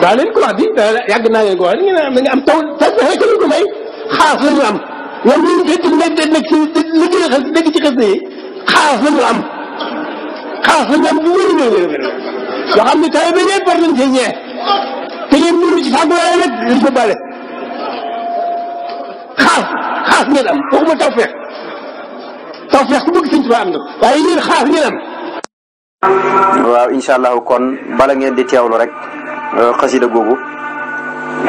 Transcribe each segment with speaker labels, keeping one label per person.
Speaker 1: daa leen ko yàgg naa leen ko wax ñu ne nga am taw taw bi xëy ko may xaas la ñu am ñoom ñu ngi fekk nekk ci li gën a xas nekk ci xas yi xaas la ñu am xaas la ñu am bu wér wér wér yoo xam ne taw bi ñëpp war nañ cee ñee te ngeen mënu ci fàggu waaye nag li ko bale xaas xaas ngeen am waxuma taw feex taw feex ku bëgg sëñ Tuubaa am na waaye yéen xaas ngeen am waaw incha allahu kon bala ngeen di teewlu rek euh, xasida googu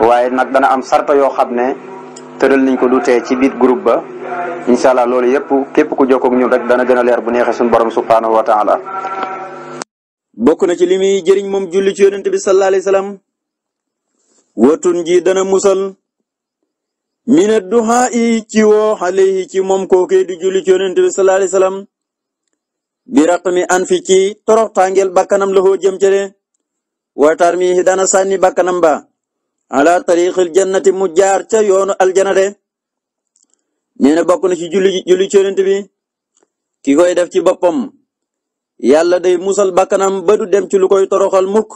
Speaker 1: waaye nag dana am sarta yoo xam ne tëral nañ ko du tee ci biir groupe ba incha lool loolu yëpp képp ku jokkoo ak ñun rek dana gën a leer bu neexee suñu borom subhaanahu wa taala bokk na ci li muy jëriñ moom julli ci yonent bi sallallahu alayhi watun ji dana musal mina duhaa yi ci woo alayhi ci moom kookee di juli ci yonent bi sallallahu alayhi wasallam bi an fi ci torox tàngeel bakkanam la hoo jëm cere watar mi dana sànni bakkanam ba ala tariqil jannati mu jaar ca yoonu aljana de nee bokk na ci juli julli ci bi ki koy def ci boppam yàlla day musal bakkanam ba dem ci lu koy toroxal mukk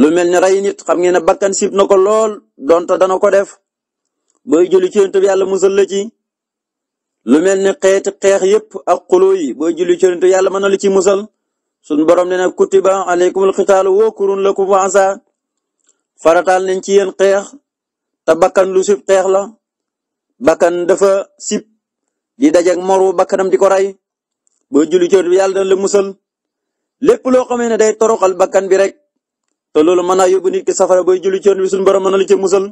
Speaker 1: lu mel ni rey nit xam ngeen ne bakkan sib na ko lool donte dana ko def booy julli ci yonent yàlla musal la ci lu mel ni xeeti xeex yépp ak xuloo yi booy julli ci yàlla mën na la ci musal sun borom nee na kutiba aleykumul xitaalu woo kurun lakum wa farataal nañ ci yéen xeex te bakkan lu sib xeex la bakkan dafa sib di dajeeg moru bakkanam di ko rey boo julli coot bi yàlla dana la musal lépp loo xamee ne day toroxal bakkan bi rek te loolu mën naa yóbbu nit ki safara booy julli coot bi suñu bara mën na la ci musal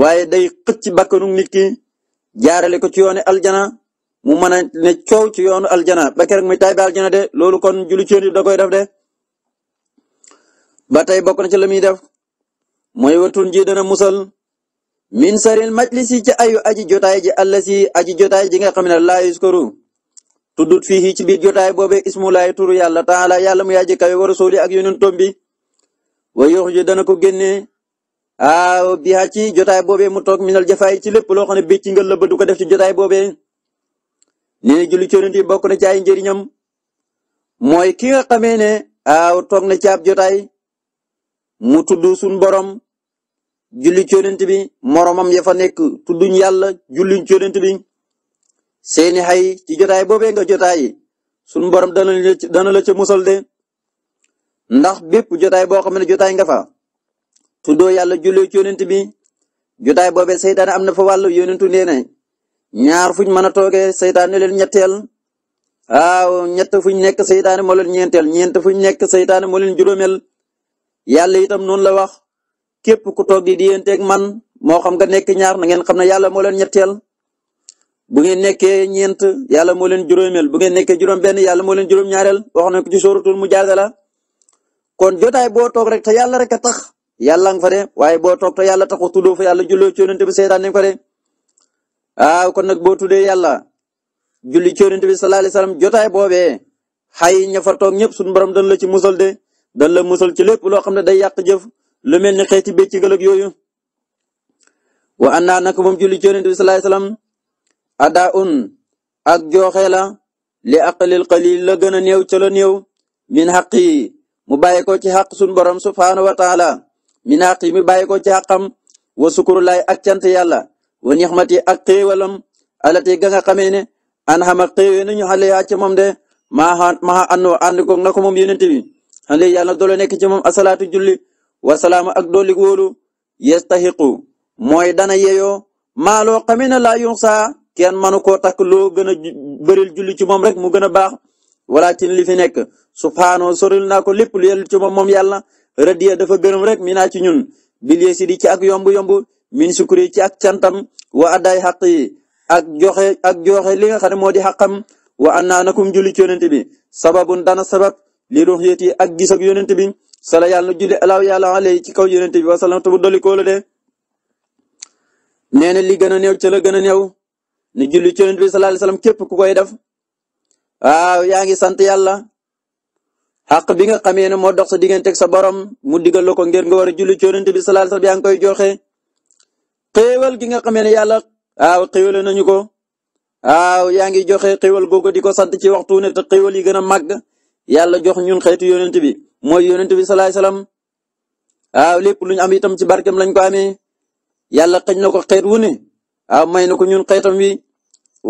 Speaker 1: waaye day xëcc bakkanu nit ki jaarale ko ci yoonu aljana mu mën a ne coow ci yoonu aljana ba keroog muy taay ba aljana de loolu kon julli coot bi da koy def de. ba tey bokk na ci la muy def mooy watun ji dana musal min saril majlisi ci ayu aji jotaay ji àll si aji jotaay ji nga xam ne laa yuskaru tuddut fii ci biir jotaay boobee ismu laay turu yàlla taala yàlla mu yaaji kawe wara a sóoli ak yonent bi wa yox ji dana ko génne aaw bi ci jotaay boobe mu toog minal jafaay ci lépp loo xam ne bi ci ngël la ba du def ci jotaay boobee nee na ci yonent bi bokk na ci ay njëriñam mooy ki nga xamee ne aaw toog na ci ab jotaay mu tudd suñ borom juli ci yonent bi moromam ya fa nekk tudduñ yàlla julliñ ci bi seeni xay ci jotaay boobee nga jotaay sun borom dana la dana la ca musal de ndax bépp jotaay boo xam ne jotaay nga fa tuddoo yàlla julli ci yonent bi jotaay boobee seytaane am na fa wàllu yonentu nee na ñaar fuñ mën a toogee seytaane ne leen ñetteel waaw ñett fuñ nekk seytaane moo leen ñeenteel ñeent fuñ nekk seytaane moo leen juróomeel yàlla itam noonu la wax képp ku toog di diyanteeg man moo xam nga nekk ñaar na ngeen xam na yàlla moo leen ñetteel bu ngeen nekkee ñeent yàlla moo leen juróomeel bu ngeen nekkee juróom-benn yàlla moo leen juróom-ñaareel wax nañ ko ci sóoratul mujaadala kon jotaay boo toog rek te yàlla rek a tax yàlla nga fa de waaye boo toog te yàlla taxu tuddoo fa yàlla julloo ci yonent bi seytaan nañ ko de kon nag boo tuddee yàlla julli ci yonent bi sallallahu alayhi jotaay boobee xay ña fa toog ñëpp suñu borom dañ la ci musal de dañ la musal ci lépp loo xam ne day yàq jëf lu mel ni xeeti bëccëgal ak yooyu wa anna naka moom julli ci yonent bi sallallahu alayhi wasallam la gën a néew ca la néew mu bàyyi ko ci xaq sun borom subhaanahu wa taala yi mu bàyyi ci xaqam wa sukurulaay ak cant yàlla maa maa àndoo ànd ko nga ko moom yonent wasalaama ak dolli wóolu yastahiqu mooy dana yeyoo maaloo xamee ne laa yun saa kenn mënu koo takk gën a bëril julli ci moom rek mu gën a baax wala ci li fi nekk subhaanahu soril naa ko lépp lu yellu ci moom moom yàlla radiya dafa gërëm rek mi naa ci ñun bilie si ci ak yomb yomb min sukuri ci ak cantam wa addaay xaq yi ak joxe ak joxe li nga xam ne moo di wa annaa nakum julli ci yonent bi sababun dana sabab li ruxyati ak gis ak yonent sala yàlla na julli yàlla alay ci kaw yonente bi wasalaam te mu dolli koo la de nee na li gën a néew ca la gën a néew na julli ci yonente bi sallallahu alayhi képp ku koy def waaw yaa ngi sant yàlla xàq bi nga xamee ne moo dox sa digganteeg sa borom mu digal la ko ngir nga war a julli ci yonente bi sallallahu alayhi yaa ngi koy joxe xéewal gi nga xamee ne yàlla waaw xéewale nañu ko waaw yaa ngi joxe xéewal googu di ko sant ci waxtu ne te xéewal yi gën a màgg yàlla jox ñun xeetu yonente bi mooy yonent bi salaay salaam waaw lépp lu ñu am itam ci barkeem lañ ko amee yàlla xëj na ko xeet wu ne may na ko ñun xeetam wi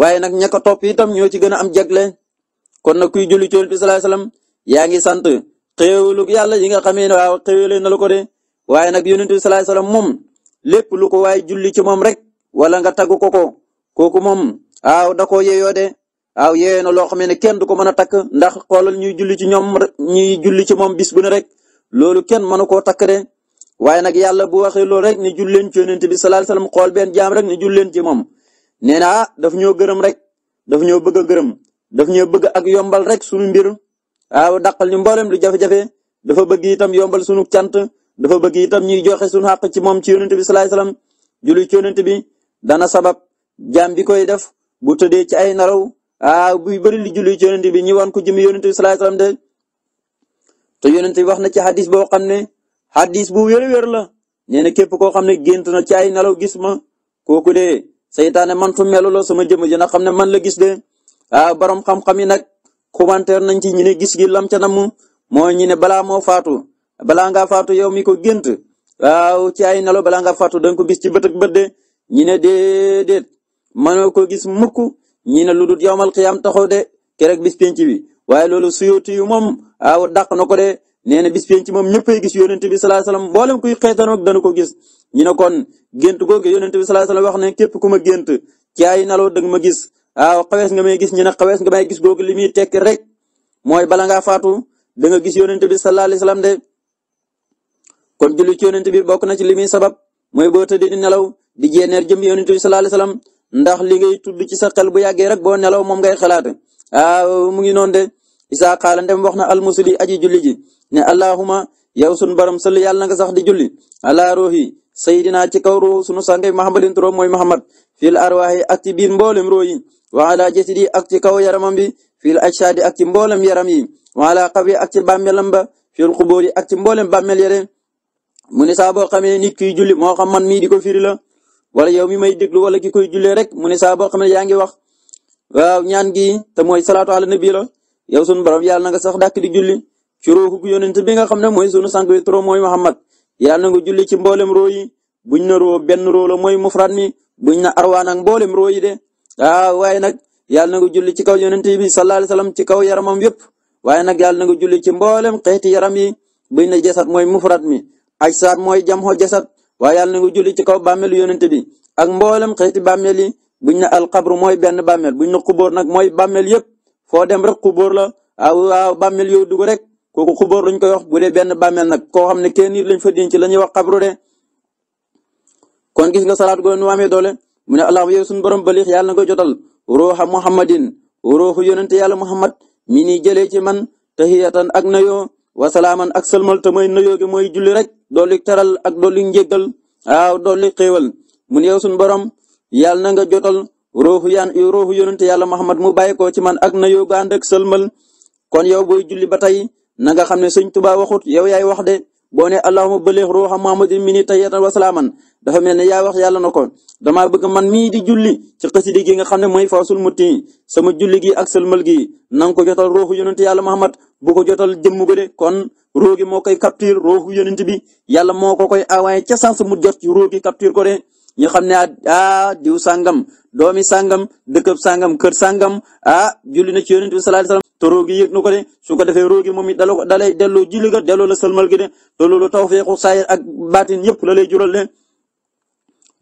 Speaker 1: waaye nag ña ko topp itam ñoo ci gën a am jagle kon nag kuy julli ci yonent bi salaay salaam yaa ngi sant xéewalu yàlla yi nga xamee ne waaw xéewalee na la ko de waaye nag yonent bi salaay salam moom lépp lu ko waaye julli ci moom rek wala nga tagg ko ko kooku moom waaw da de. waaw yee na loo xamee ne kenn du ko mën a takk ndax xoolal ñuy julli ci ñoom ñuy julli ci moom bis bu ne rek loolu kenn mënu koo takk de waaye nag yàlla bu waxee loolu rek ne jull leen ci yonent bi sallallahu alayhi wasallam xool benn jaam rek ne jull ci moom nee na ah daf ñoo gërëm rek daf ñoo bëgg a gërëm daf ñoo bëgg ak yombal rek suñu mbir waaw dàqal ñu mboolem lu jafe-jafe dafa bëgg itam yombal suñu cant dafa bëgg itam ñuy joxe suñu xàq ci moom ci yonent bi sallallahu alayhi wasallam julli ci yonent bi dana sabab jaam bi koy def bu tëddee ci ay naraw ah buy bëri li julli ci yonent bi ñi wan ko jëmi yonent bi sallallahu alayhi wasallam de te yonent wax na ci hadis boo xam ne hadis bu wér-wér la nee na képp koo xam ne gént na ci ay nelaw gis ma kooku de seytaane man fu melu la sama jëmm ji xam ne man la gis de ah borom xam-xam yi nag commentaire nañ ci ñu ne gis gi lam na namu moo ñu ne balaa moo faatu balaa ngaa faatu yow mi ko gént waaw ci ay nelaw balaa nga faatu da ko gis ci bët ak bët de ñu ne déedéet mënoo ko gis mukk ñii na lu dul yowmal qiyaam taxaw de keroog bis penc bi waaye loolu suyuti yu moom aw dàq na ko de nee na bis penc moom ñëppay gis yonent bi sallallahu alayhi wasallam mboolem kuy xeetan ak dana ko gis ñu ne kon gént googu yonent bi sallallahu alayhi wasallam wax ne képp ku ma gént ci ay naloo ma gis waaw xawees nga may gis ñu ne xawees nga may gis googu li muy tekki rek mooy bala ngaa faatu da nga gis yonent bi sallallahu alayhi wasallam de kon julli ci yonent bi bokk na ci li muy sabab mooy boo tëddee nelaw di jeeneer jëm yonent bi sallallahu alayhi wasallam ndax li ngay tudd ci sa xel bu yàggee rek boo nelaw moom ngay xalaat ah mu ngi noonu de isa qaala ndem wax na almusuli aji julli ji ne allahuma yow sunu baram sall yàlla nga sax di julli ala ruuhi sayidina ci kaw ruuh sunu sangay mahamadin turam mooy mahamad fil arwaahi ak ci biir mboolem roo yi wa ala ak ci kaw yaramam bi fil ajsaadi ak ci mboolem yaram yi wa ala qabri ak ba fil qubuur yi ak ci mboolem bàmmeel yere mu ne saa boo xamee nit kiy julli moo xam man wala yow mi may déglu wala ki koy jullee rek mu ne saa boo xam ne yaa ngi wax waaw ñaan gi te mooy salaatu ala nabi la yow sunu borom yàlla na nga sax dàkk di julli ci ruuxu bu yonent bi nga xam ne mooy sunu sànq bi trop mooy Muhammad yàlla na nga julli ci mboolem roo yi buñ na benn roo la mooy mufrad mi buñ na arwaan ak mboolem roo yi de waaw ah, waaye nag yàlla na nga julli ci kaw yonent bi sallallahu alayhi wasallam ci kaw yaramam yëpp waaye nag yàlla na nga julli ci mboolem xeeti yaram yi buñ na jasad mooy mufrad mi ajsaad mooy jamho jasad waaye yàlla na nga julli ci kaw bàmmeelu yonente bi ak mboolem xeeti bàmmeel yi buñ ne alxabru benn bàmmeel buñ ne xubóor nag mooy bàmmeel yëpp foo dem rek xubóor la aw waaw bàmmeel rek kooku xubóor lañ koy wax bu benn bàmmeel nag koo xam ne kenn nit lañ fa denc la ñuy wax xabru de kon gis nga salaat googu nu amee doole mu ne allahumma yow suñu borom yàlla na nga jotal ruuxa muhammadin ruuxu yonente yàlla muhammad mi ni jëlee ci man tahiyatan ak nayoo wasalaaman ak sëlmal te mooy nayoo gi mooy julli rek dolli teral ak dolli njéggal waaw dolli xéewal mu ne yow suñu borom yàlla na nga jotal rooxu yaan rooxu yonente yàlla Muhammad mu bàyyi ko ci man ak na yow ànd ak sëlmal kon yow booy julli ba tey na nga xam ne sëñ Tuubaa waxut yow yaay wax de boo ne allahuma balix ruuxa muhammadin mini ta wa salaaman dafa mel ne yaa wax yàlla na ko damaa bëgg man mii di julli ci xasidi gi nga xam ne mooy faasul mutti sama julli gi ak sëlmal gi na nga ko jotal ruuxu yonent yàlla muhammad bu ko jotal jëmm ga de kon ruux gi moo koy capture ruuxu yonent bi yàlla moo ko koy envoyé ca sans mu jot ci ruux gi capture ko de ñu xam ne a ah, ah, diw sàngam doomi sangam dëkkëb sangam kër sangam a ah, julli na ci yonent bi sallallahu alayhi wasallam te roogi yëg na ko de su ko defee roogi moom it dala ko dalay la sëlmal gi de te loolu tawfeexu saayir ak baatin yëpp la lay jural de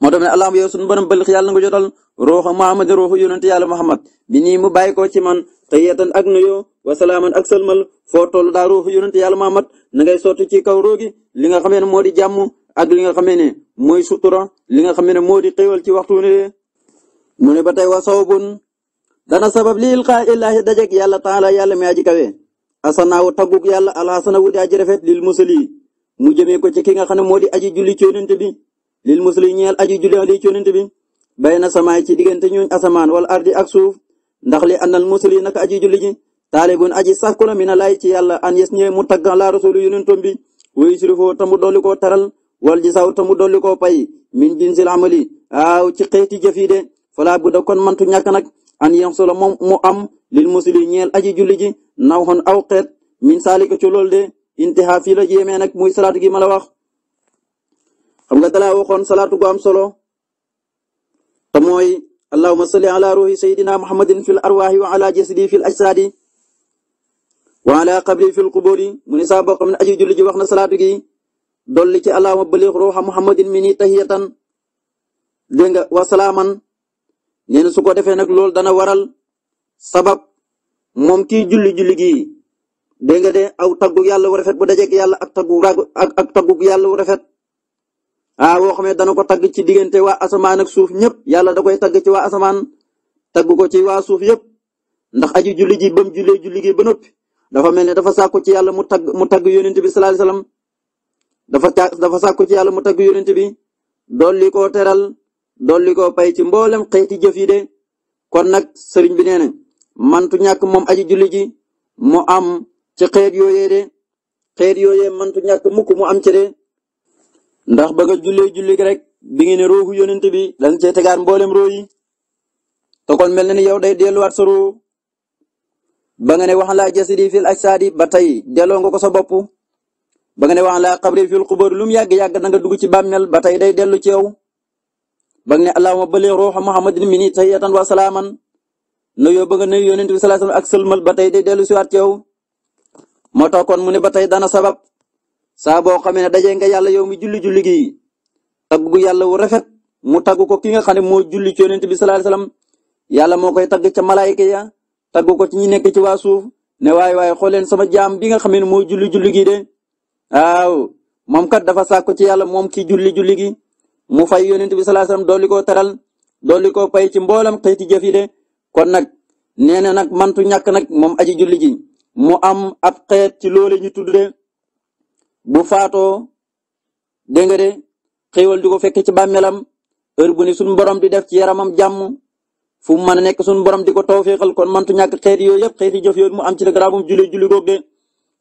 Speaker 1: moo tax ne allahumma yow suñu borom balix yàlla nga jotal rooxa Muhammad rooxu yonente yàlla Muhammad bi nii mu bàyyi ko ci man te yeetan ak nuyoo wa salaaman ak sëlmal foo toll daa rooxu yonente yàlla Muhammad na ngay sotti ci kaw roogi li nga xamee ne moo di jàmm ak li nga xamee ne mooy sutura li nga xamee ne moo di xéewal ci wa sawbun dana sabab li ilqaa illaahi dajeg yàlla taala yàlla mi aji kawe asanaawu tagguk yàlla alxasana wu di aji rafet lil musali mu jëmee ko ci ki nga xam ne moo di aji julli ci yonent bi lil musali ñeel aji julli ali ci yonent bi bay na samaay ci diggante ñooñ asamaan wala ardi ak suuf ndax li annal musali naka aji julli ji taalibun aji saf ko la mina laay ci yàlla an yes ñee mu tagg laa rasulu yonentom bi woyu sirifoo tamu dolli koo taral wal ji ta tamu dolli koo pay min jinsil amali aaw ci xeeti jëf yi de falaa bu da kon mantu ñàkk nag an yam solo moom mu am lil musli ñeel aji julli ji naw xon aw xeet min saalika ci loolu de intiha fii la jéemee nag muy salaatu gi ma la wax xam nga dalaa waxoon salaatu gu am solo te mooy allahumma salli ala ruhi sayidina muhammadin fil arwahi wa ala jasadi fil ajsadi wa ala qabri fil quburi mu ni saa boo xam aji julli ji wax na salaatu gi dolli ci allahumma balligh ruha muhammadin mini tahiyatan dégg nga wa salaaman nee na su ko defee nag loolu dana waral sabab moom kii julli julli gii dégg nga de aw tagu yàlla wu rafet bu dajeeg yàlla ak taggu ak ak taggu yàlla wu rafet. ah woo xamee dana ko tagg ci diggante waa asamaan ak suuf ñëpp yàlla da koy tagg ci waa asamaan tagg ko ci waa suuf yëpp ndax aji julli ji bam jullee julli gi ba noppi dafa mel ne dafa sàkku ci yàlla mu tagg mu tagg yonent bi sallallahu alayhi wasallam dafa dafa sàkku ci yàlla mu tagg yonent bi dolli teral dolli ko pay ci mboolem xeeti jëf yi de kon nag sëriñ bi nee na mantu ñàkk moom aji julli ji mu am ci xeet yooyee de xeet yooyee mantu ñàkk mukk mu am ci de ndax ba nga jullee julli rek bi ngeen ne roohu yonent bi dañ cee tegaat mboolem roo yi te kon mel na ni yow day delluwaat sa roo ba nga ne wax laa jasidi fil ajsaadi ba tey delloo nga ko sa bopp ba nga ne wax laa xabri fil xubur lu mu yàgg-yàgg da nga dugg ci bàmmeel ba tey day dellu ci yow ba nga ne allahumma bali ruuxa muhammadin minni tahiyatan wa salaaman nuyoo ba nga nuyu yonent bi sallallahu alayhi wasallam ak sëlmal ba tey day dellu siwaat ci yow tax kon mu ne ba tey dana sabab saa boo xamee ne dajee nga yàlla yow mi julli julli gi taggu yàlla wu rafet mu taggu ko ki nga xam ne moo julli ci yonent bi sallallahu alayhi wasallam yàlla moo koy tagg ca malaayika ya tagg ko ci ñi nekk ci waa suuf ne waay waay xool leen sama jaam bi nga xam ne moo julli julli gi de waaw kat dafa sako ci yàlla moom ki julli julli mu fay yonent bi sallallahu alayhi wasallam dolli koo teral dolli koo pay ci mboolam xeeti jëf yi de kon nag nee na nag mantu ñàkk nag moom aji julli ji mu am ab xeet ci loole ñu tudd de bu faatoo dégg nga de xéewal di ko fekk ci bàmmeelam heure bu ni suñu borom di def ci yaramam jàmm fu mu a nekk suñu borom di ko tawféexal kon mantu ñàkk xeet yooyu yëpp xeeti jëf yooyu mu am ci la garabum julli julli goog de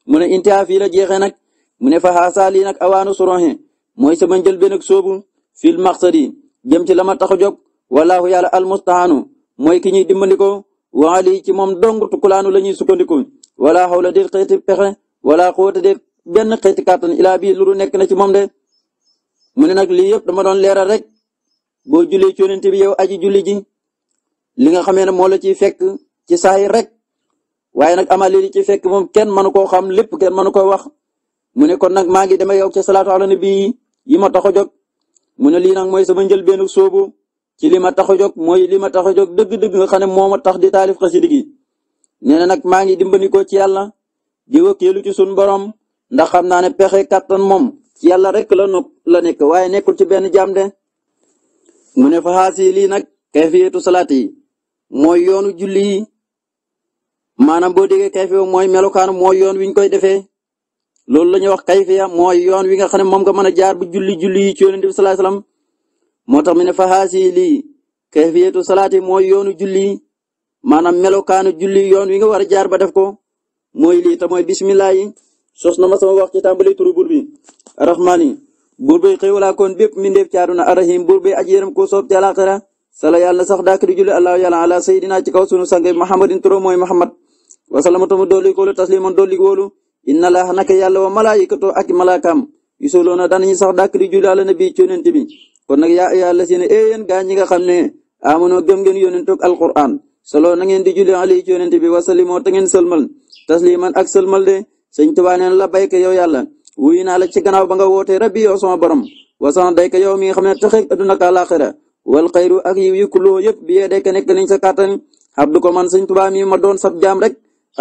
Speaker 1: mu ne intihaa fii la jeexee nag mu ne fa xaasaa lii nag awaanu suroxe mooy sama njëlbeen ak soobu fil maqsadi jëm ci la ma tax a jóg walaahu yàlla almustahaanu mooy ki ñuy wa waali ci moom dong tukulaanu la ñuy sukkandiku wala xawla déet xeeti pexe wala xóota déet benn xeeti kàttan ilaa bii lu nekk na ci moom de. mu ne nag lii yëpp dama doon leeral rek boo jullee ci yonent bi yow aji juli ji li nga xamee ne moo la ciy fekk ci saay rek waaye nag amal li ci fekk moom kenn mënu koo xam lépp kenn mënu koo wax mu ne kon nag maa ngi demee yow ci salaatu ala yi ma tax a mu ne lii nag mooy sama njëlbeenu soobu ci li ma tax a jóg mooy li ma tax a jóg dëgg-dëgg nga xam ne moo ma tax di taalif xasida gi nee na nag maa ngi dimbali ko ci yàlla di wëkkeelu ci suñu borom ndax xam naa ne pexe kattan moom ci yàlla rek la nu la nekk waaye nekkul ci benn jaam de. mu ne fa xaasi lii nag kayfiyatu salaat yi mooy yoonu julli yi maanaam boo déggee kayfiyo mooy melokaanu mooy yoon wi koy defee. loolu la ñuy wax kayfiya mooy yoon wi nga xam ne moom nga mën a jaar bu julli julli yi ci yonent bi sallallahu alayhi wasallam moo tax mu mooy yoonu julli maanaam melokaanu julli yoon wi nga war a jaar ba def ko mooy lii te mooy bismillah yi sos na ma sama wax ci tàmbali turu buur bi rahmaani buur bi xéewalaa koon bépp mindeef ci àdduna arahim bi aji yërëm ko soob ci alaxira sala yàlla na sax dàkk di julli allahu yàlla ala sayidina ci kaw sunu sang muhammadin turo mooy muhammad wasalama tamu dolli koolu tasliman dolli inna laaha naka yàlla wa malaayikatoo ak mala yusalluuna danañu na dàkk di julli ala nabi ci yonent bi kon nag yaa yàlla si ne ee yéen gaa ñi nga xam ne amonoo gëm ngeen yonent ak alquran solo na ngeen di julli ali ci yonent bi wasalimoo ta ngeen sëlmal tasliman ak sëlmal de sëñ Tuubaa neen la bayka yow yàlla wuy naa la ci gannaaw ba nga wootee rabbi yow sama borom wasan dayka yow mi nga xam ne texeeg adduna ak alaxira wal xayru ak yiw yi kuloo yëpp bi yee dayka nekk nañ sa kàttan ko man sëñ Tuubaa mi ma doon sab jaam rek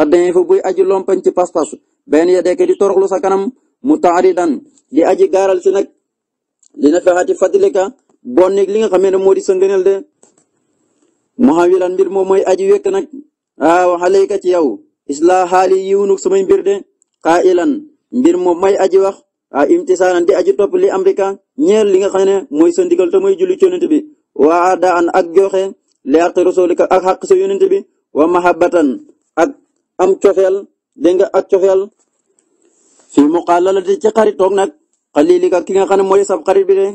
Speaker 1: addañ fa buy aju benn ya dekk toroxlu sa kanam mu taaridan di aji gaaral si nag li na fadlika bon li nga xamee ne moo di sa ngëneel de mbir moom mooy aji wekk nag ah, waaw xaleyka ci yow islaa xaali yiwnu samay mbir de xaa ilan mbir moom may aji wax waaw ah, imtisaalan di aji topp li amrika ñeel li nga xam ne mooy sa ndigal te mooy julli ci yonent bi wa adaan ak joxe li ak rasulika ak xaq sa wa mahabbatan ak am cofeel dégg nga ak cofeel fii mu xaalalati ci xarit toog nag ka ki nga xam ne mooy sab xarit bi de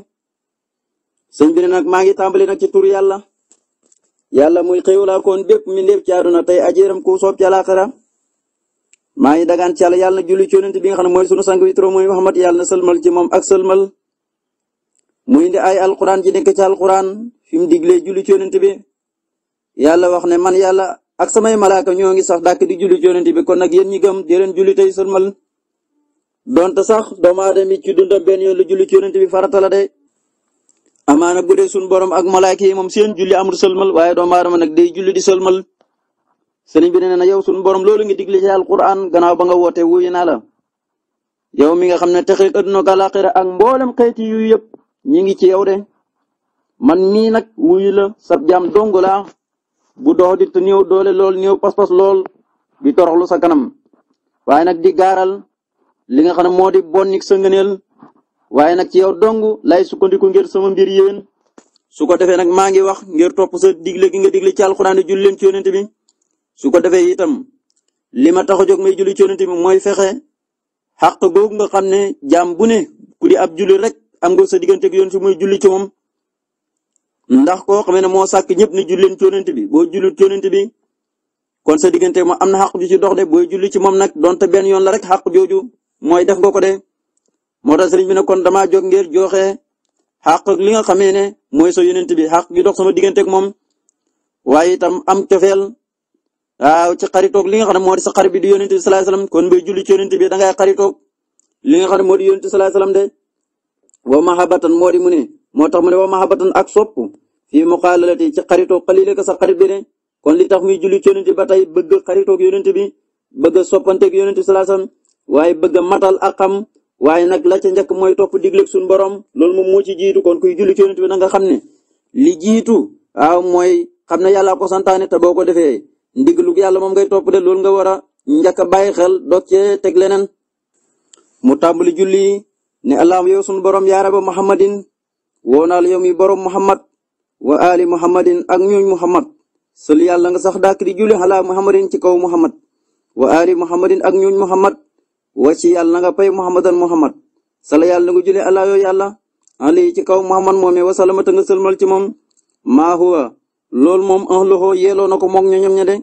Speaker 1: sëñ bi ne nag maa ngi tàmbali nag ci tur yàlla yàlla muy xéewalaa koon bépp mi ndépp ci àdduna tey ajeeram ku soob ci àlaaxira maa ngi dagaan ci yàlla juli na julli ci yonent bi nga xam ne mooy sunu sang bi turam mooy Muhammad yàlla na sëlmal ci moom ak sëlmal mu indi ay alquran ji nekk ci alquran fi mu diglee julli ci yonent bi wax ne man yàlla ak samay malaaka ñoo ngi sax dàkk di julli ci yonent bi kon nag yéen ñi gëm di leen julli tey sëlmal donte sax doomu aadama ci dundam benn yoon la julli ci yonent bi farata la de amaana bu dee suñu borom ak malaaka yi moom seen julli amul sëlmal waaye doomu aadama nag day julli di sëlmal sëriñ bi nee na yow suñu borom loolu nga digle ci alquran gannaaw ba nga woote wuyu naa la yow mi nga xam ne texeeg adduna ak àllaaxira ak mboolem xeeti yu yëpp ñi ngi ci yow de man mii nag wuyu la jaam dong laa bu dox di te néew doole lool néew pas-pas lool di toroxlu sa kanam waaye nag di gaaral li nga xam ne moo di bonnik sa ngëneel waaye nag ci yow dong lay sukkandiku ngir sama mbir yéen su ko defee nag maa ngi wax ngir topp sa digle gi nga digle ci alxuraan julli leen ci yonent bi su ko defee itam li ma tax a jóg may julli ci yonent bi mooy fexe xàq googu nga xam ne jaam bu ne ku di ab julli rek am nga sa digganteeg yoon si muy julli ci moom ndax koo xamee ne moo sàkk ñëpp ni julleen yonent bi boo jullit yonent bi kon sa diggante moom am na xaq ju ci dox de booy julli ci moom nag donte benn yoon la rek xaq jooju mooy def nga ko de moo tax sëriñ bi ne kon damaa jóg ngir joxe xaq li nga xamee ne mooy sa yonent bi xaq gi dox sama diggante ak moom waaye itam am cofeel waaw ci xaritoog li nga xam ne moo di sa xarit bi di yonent bi sallallahu alayhi wasallam kon booy julli bi da ngay li nga xam ne moo di yonent bi sallallahu alayhi wasallam de wa mahabatan moo di mu ne moo tax mu ne wa mahabatan ak sopp fii muqaalalati ci xaritoo xalilaka sa xarit bi kon li tax muy julli ci yonent ba tey bëgg xaritoog yonent bi bëgg a soppanteeg yonent salaasam waaye bëgg a matal ak xam waaye nag la ca njëkk mooy topp digleeg suñu borom loolu moom moo ci jiitu kon kuy julli ci yonent bi na nga xam ne li jiitu waaw mooy xam na yàlla ko santaane te boo ko defee ndiglu yàlla moom ngay de lool nga war a njëkk a bàyyi xel doog cee teg leneen mu tàmbali julli ne allahumma yow sunu borom yaa rabba muhammadin woo naa wa ali muhammadin ak ñooñ muhammad sol yàlla nga sax dàkk di julli xalaa muhammadin ci kaw muhammad wa ali muhammadin ak ñooñ muhammad wa ci yàlla nga pay muhammadan muhammad sala yàlla nga julli alaa yoo yàlla ali ci kaw muhammad moome wa salamata nga sëlmal ci moom maa huwa loolu moom an loxo yeeloo na ko moog ñoñom ña de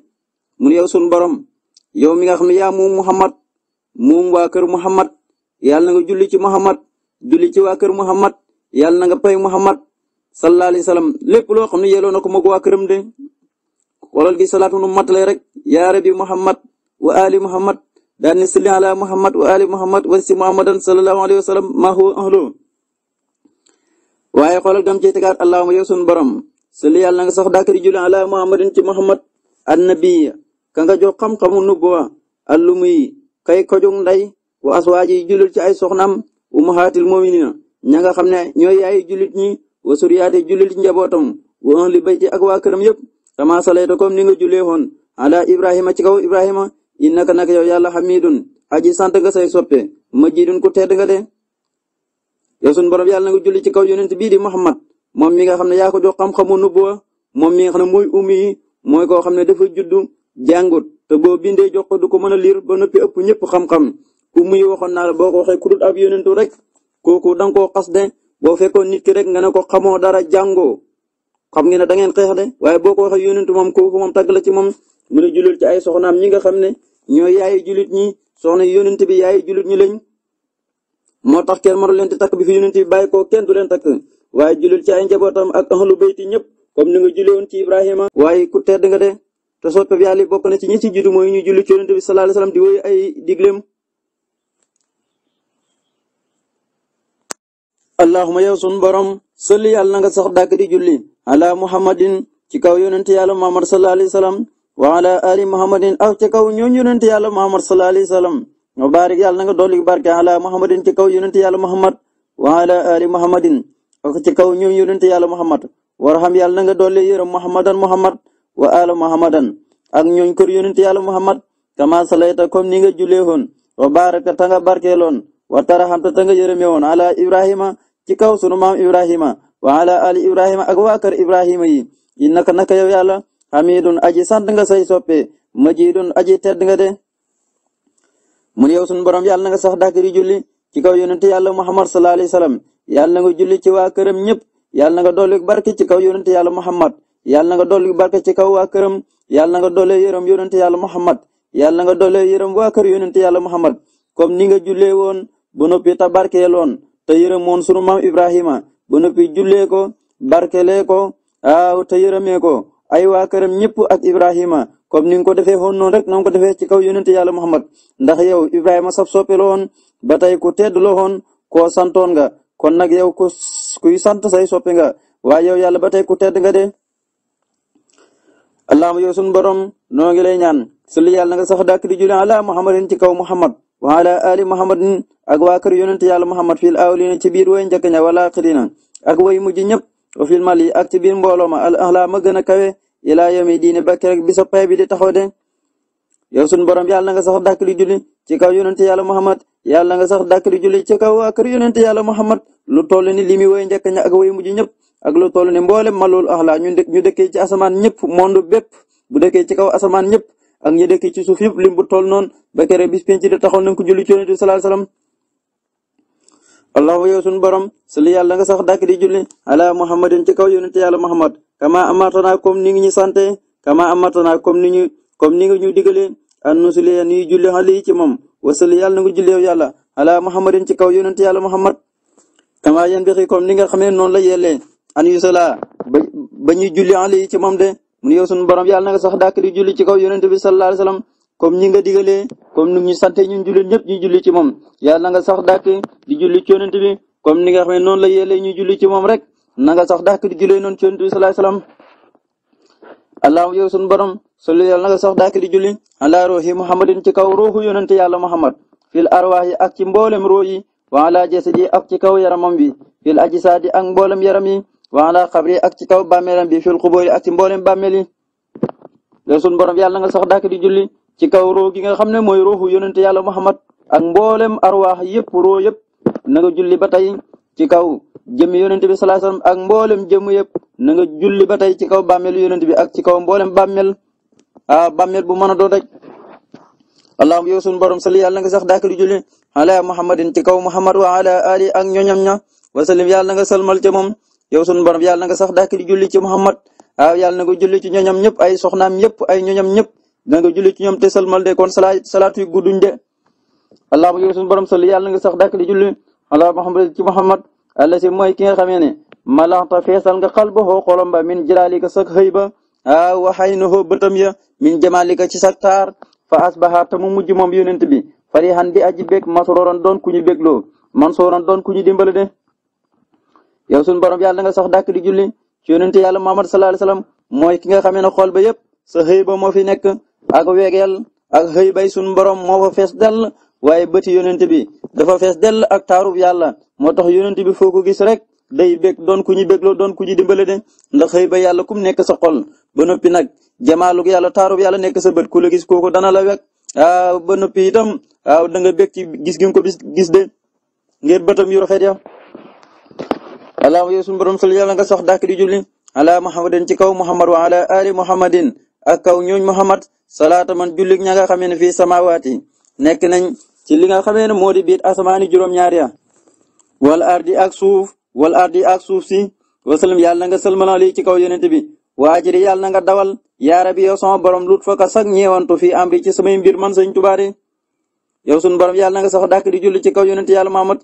Speaker 1: mun yow sun borom yow mi nga xam ne yaa moom muhammad moom waa kër muhammad yàlla nga julli ci muhammad julli ci waa kër muhammad yàlla nga pay muhammad sallallahu alayhi wa lépp loo xam ne yelloo na ko moog waa këram de xoolal gi salaatu nu matale rek yaa rabbi muhammad wa ali muhammad daan ni salli muhammad wa ali muhammad wa si muhammadan sallallahu alayhi wa sallam ma huwa ahlu waaye xoolal gam ci tegaat allahuma yow sun borom nga sax daakari julli ala muhammadin ci muhammad annabiya ka nga jox xam-xamu nubuwa allumuy kay kojug nday wa aswaaji jullit ci ay soxnaam ummahatil muminina ña nga xam ne ñooy yaayu jullit ñi wa suriyaati julli ci njabootam wa bay bayti ak waa këram yëpp kama salayta comme ni nga jullee woon ala ibrahima ci kaw ibrahima innaka nak yow yàlla xamidun aji sant nga say soppe majidun ku tedd nga de yow sunu borom yàlla nga julli ci kaw yonent bii di muhammad moom mi nga xam ne yaa ko jox xam o nubuwa moom mi nga xam ne mooy ummi mooy koo xam ne dafa juddu jàngut te boo bindee jox ko du ko mën a liir ba noppi ëpp ñëpp xam-xam ummi yi waxoon naa la boo ko waxee ku dul ab yonentu rek kooku danga koo boo fekkoon nit ki rek nga ne ko xamoo dara jàngoo xam ngeen ne da ngeen xeex de waaye boo ko waxee yónent moom kooku moom tàgg la ci moom mu ne jullit ci ay soxnaam ñi nga xam ne ñoo yaayi jullit ñi soxna yónent bi yaayi jullit ñi lañ moo tax kenn mënu leen di takk bi fi yónent bi bàyyi ko kenn du leen takk waaye jullit ci ay njabootam ak ahlu bayti ñëpp comme ni nga jullee woon ci Ibrahima. waaye ku tedd nga de te soppe bi yàlla bok na ci ñi ci jiitu mooy ñu julli ci yónent bi sallallahu alayhi wasallam di woy ay digleem allahuma yow sun borom salli yàlla na nga sax dàkk di julli ala muhammadin ci kaw yonent yàlla muhammad sallallahu alayhi wasallam wa ala ali muhammadin ak ci kaw ñooñ yonent yàlla muhammad sallallahu alayhi wasallam wa barik yàlla na nga dolli barke ala muhammadin ci kaw yonent yàlla muhammad wa ala ali muhammadin ak ci kaw ñooñ yonent yàlla muhammad warham yàlla na nga dolli yërëm muhammadan muhammad wa ala muhammadan ak ñooñ kër yonent yàlla muhammad kama salayta comme ni nga jullee woon wa baraka ta nga barkeeloon wa tarahamta ta nga yërëmee woon ala ibrahima ci kaw sunu maam Ibrahima wa ali Ibrahima ak waa kër Ibrahima yi innaka naka yow yàlla hamidun aji sant nga say soppe majidun aji tedd nga de. mun yow sunu borom yàlla nga sax dàkk di julli ci kaw yonente yàlla Muhammad sallallahu alayhi wasallam yàlla na nga julli ci waa këram ñëpp yàlla na nga dolli barke ci kaw yonente yàlla Muhammad yàlla na nga dolli barke ci kaw waa këram yàlla na nga dolli yërëm yonente yàlla Muhammad yàlla na nga dolli yërëm waa kër yonente yàlla Muhammad comme ba noppi ta barkeeloon te yërëmoon sunu maam Ibrahima ba noppi jullee ko barkelee ko aaw te yërëmee ko ay waa këram ñëpp ak Ibrahima comme ni nga ko defee woon noonu rek na nga ko defee ci kaw yonent yàlla Muhammad ndax yow Ibrahima saf soppe la woon ba tey ku tedd la ko koo santoon nga kon nag yow ku kuy sant say soppe nga waaye yow yàlla ba tey ku tedd nga de. allahumma yow sunu borom noo ngi lay ñaan salli yàlla nga sax dàkk di julli ala muhammadin ci kaw muhammad wa ala ali muhammadin ak waa kër yonent yàlla muhammad fil awlina ci biir way njëkk ña wal axirina ak way mujj ñëpp wa fil mali ak ci biir mbooloo ma al ahla ma gën a kawe ilaa yomi diine bakki rek bi sa pay bi di taxaw de yow sun borom yàlla nga sax dàkk di julli ci kaw yonent yàlla muhammad yàlla nga sax dàkk di julli ci kaw waa kër yonent yàlla muhammad lu toll ni limi way njëkk ña ak way mujj ñëpp ak lu toll ni mboolem malul ahla ñu ñu dëkkee ci asamaan ñëpp monde bépp bu dëkkee ci ñëpp ak ñu dëkkee ci suuf yëpp lim bu toll noonu ba kere bis penc di taxaw nañ ko allahu yow sunu borom sali yàlla nga sax dàkk di julli ala muhammadin ci kaw yonente yàlla muhammad kama amartana comme ni ñu sante kama amartana comme ni ñu comme ni nga ñu digale an nusuli ni julli ali ci moom wasali yàlla nga julli yow yàlla ala muhammadin ci kaw yonente yàlla muhammad kama yan bixi comme ni nga xamee noonu la yellee an yu sala ba ñuy julli de mun yow sunu borom yàlla nga sax dàkk di julli ci kaw yonente bi sallallahu alayhi wasallam comme ñi nga digalee comme ni ñu sante ñun jullit ñëpp ñu julli ci moom yàlla nga sax dàkk di julli ci yonent bi comme ni nga xam ne noonu la yélee ñu julli ci moom rek nanga nga sax dàkk di jullee noonu ci yonent bi salaay salaam yow sunu borom solu yàlla na nga sax dàkk di julli ala ruuhi muhammadin ci kaw ruuhu yonent yàlla muhammad fil arwaax ak ci mboolem ruux yi wa ala jasadi ak ci kaw yaramam bi fil ajsaadi ak mboolem yaram yi wa ala xabri ak ci kaw bàmmeelam bi fil xubóor ak ci mboolem bàmmeel yi yow borom yàlla nga sax dàkk di julli ci kaw roo gi nga xam ne mooy rooxu yonente yàlla Muhammad ak mboolem arwaax yëpp roo yëpp na nga julli ba tey ci kaw jëmmi yonente bi sallallahu alayhi wasallam ak mboolem jëmm yëpp na nga julli ba tey ci kaw bàmmeelu yonente bi ak ci kaw mboolem bàmmeel ah bu mën a doon rek. allahumma yow sunu borom sali yàlla nga sax dàkk di julli ala muhammadin ci kaw muhammad wa ala ali ak ñoñam ña wasalim yàlla nga salmal ca moom yow sunu borom yàlla nga sax dàkk julli ci muhammad waaw ah, yàlla nga julli ci ñoñam ñëpp ay soxnaam ñëpp ay ñoñam ñëpp da nga julli ci ñoom te salmal de kon salaa salaatu yu gudduñ de allahumma yow suñu borom salli yàlla nga sax dàkk di julli ala muhammad ci muhammad allah si mooy ki nga xamee ne malaxta feesal nga xal ba xoo xolam ba min jëlaalika sak xëy ba a waxay na xoo bëtam ya min jamaalika ci sak taar fa asbaxa te mu mujj moom yonent bi farihan di aji bég masroran doon ku ñu bégloo mansooran doon ku dimbal dimbale de yow suñu borom yàlla nga sax dàkk di julli ci yonent yàlla muhammad sallallahu alayhi wasallam nga xamee ne xol ak wegeel ak xëy bay sunu borom moo fa fees dell waaye bëti yonent bi dafa fees dell ak taarub yàlla moo tax yonent bi foo ko gis rek day bég doon ku ñu bégloo doon ku ñu dimbale de ndax xëy ba yàlla kum nekk sa xol ba noppi nag jamaalug yàlla taarub yàlla nekk sa bët ku la gis kooku dana la wek ba noppi itam waaw da nga bég gis gi ko bis gis de ngir bëtam yu rafet ya alaa yow nga sax dàkk di julli muhammadin ci kaw muhammad wa ala ali muhammadin ak kaw ñooñ Muhammad salaata man jullit ña nga xamee ne fii samaawaat yi nekk nañ ci li nga xamee ne moo di biir asamaani juróom-ñaari ya wal ardi ak suuf wal ardi ak suuf si wasalam yàlla na nga sëlmalal yi ci kaw yonent bi waajiri yàlla na nga dawal yaa rabbi yow sama borom lut fa ka sag ñeewantu fii am ci samay mbir man sëñ tubaare yow sun borom yàlla nga sax dàkk di julli ci kaw yonent yàlla Muhammad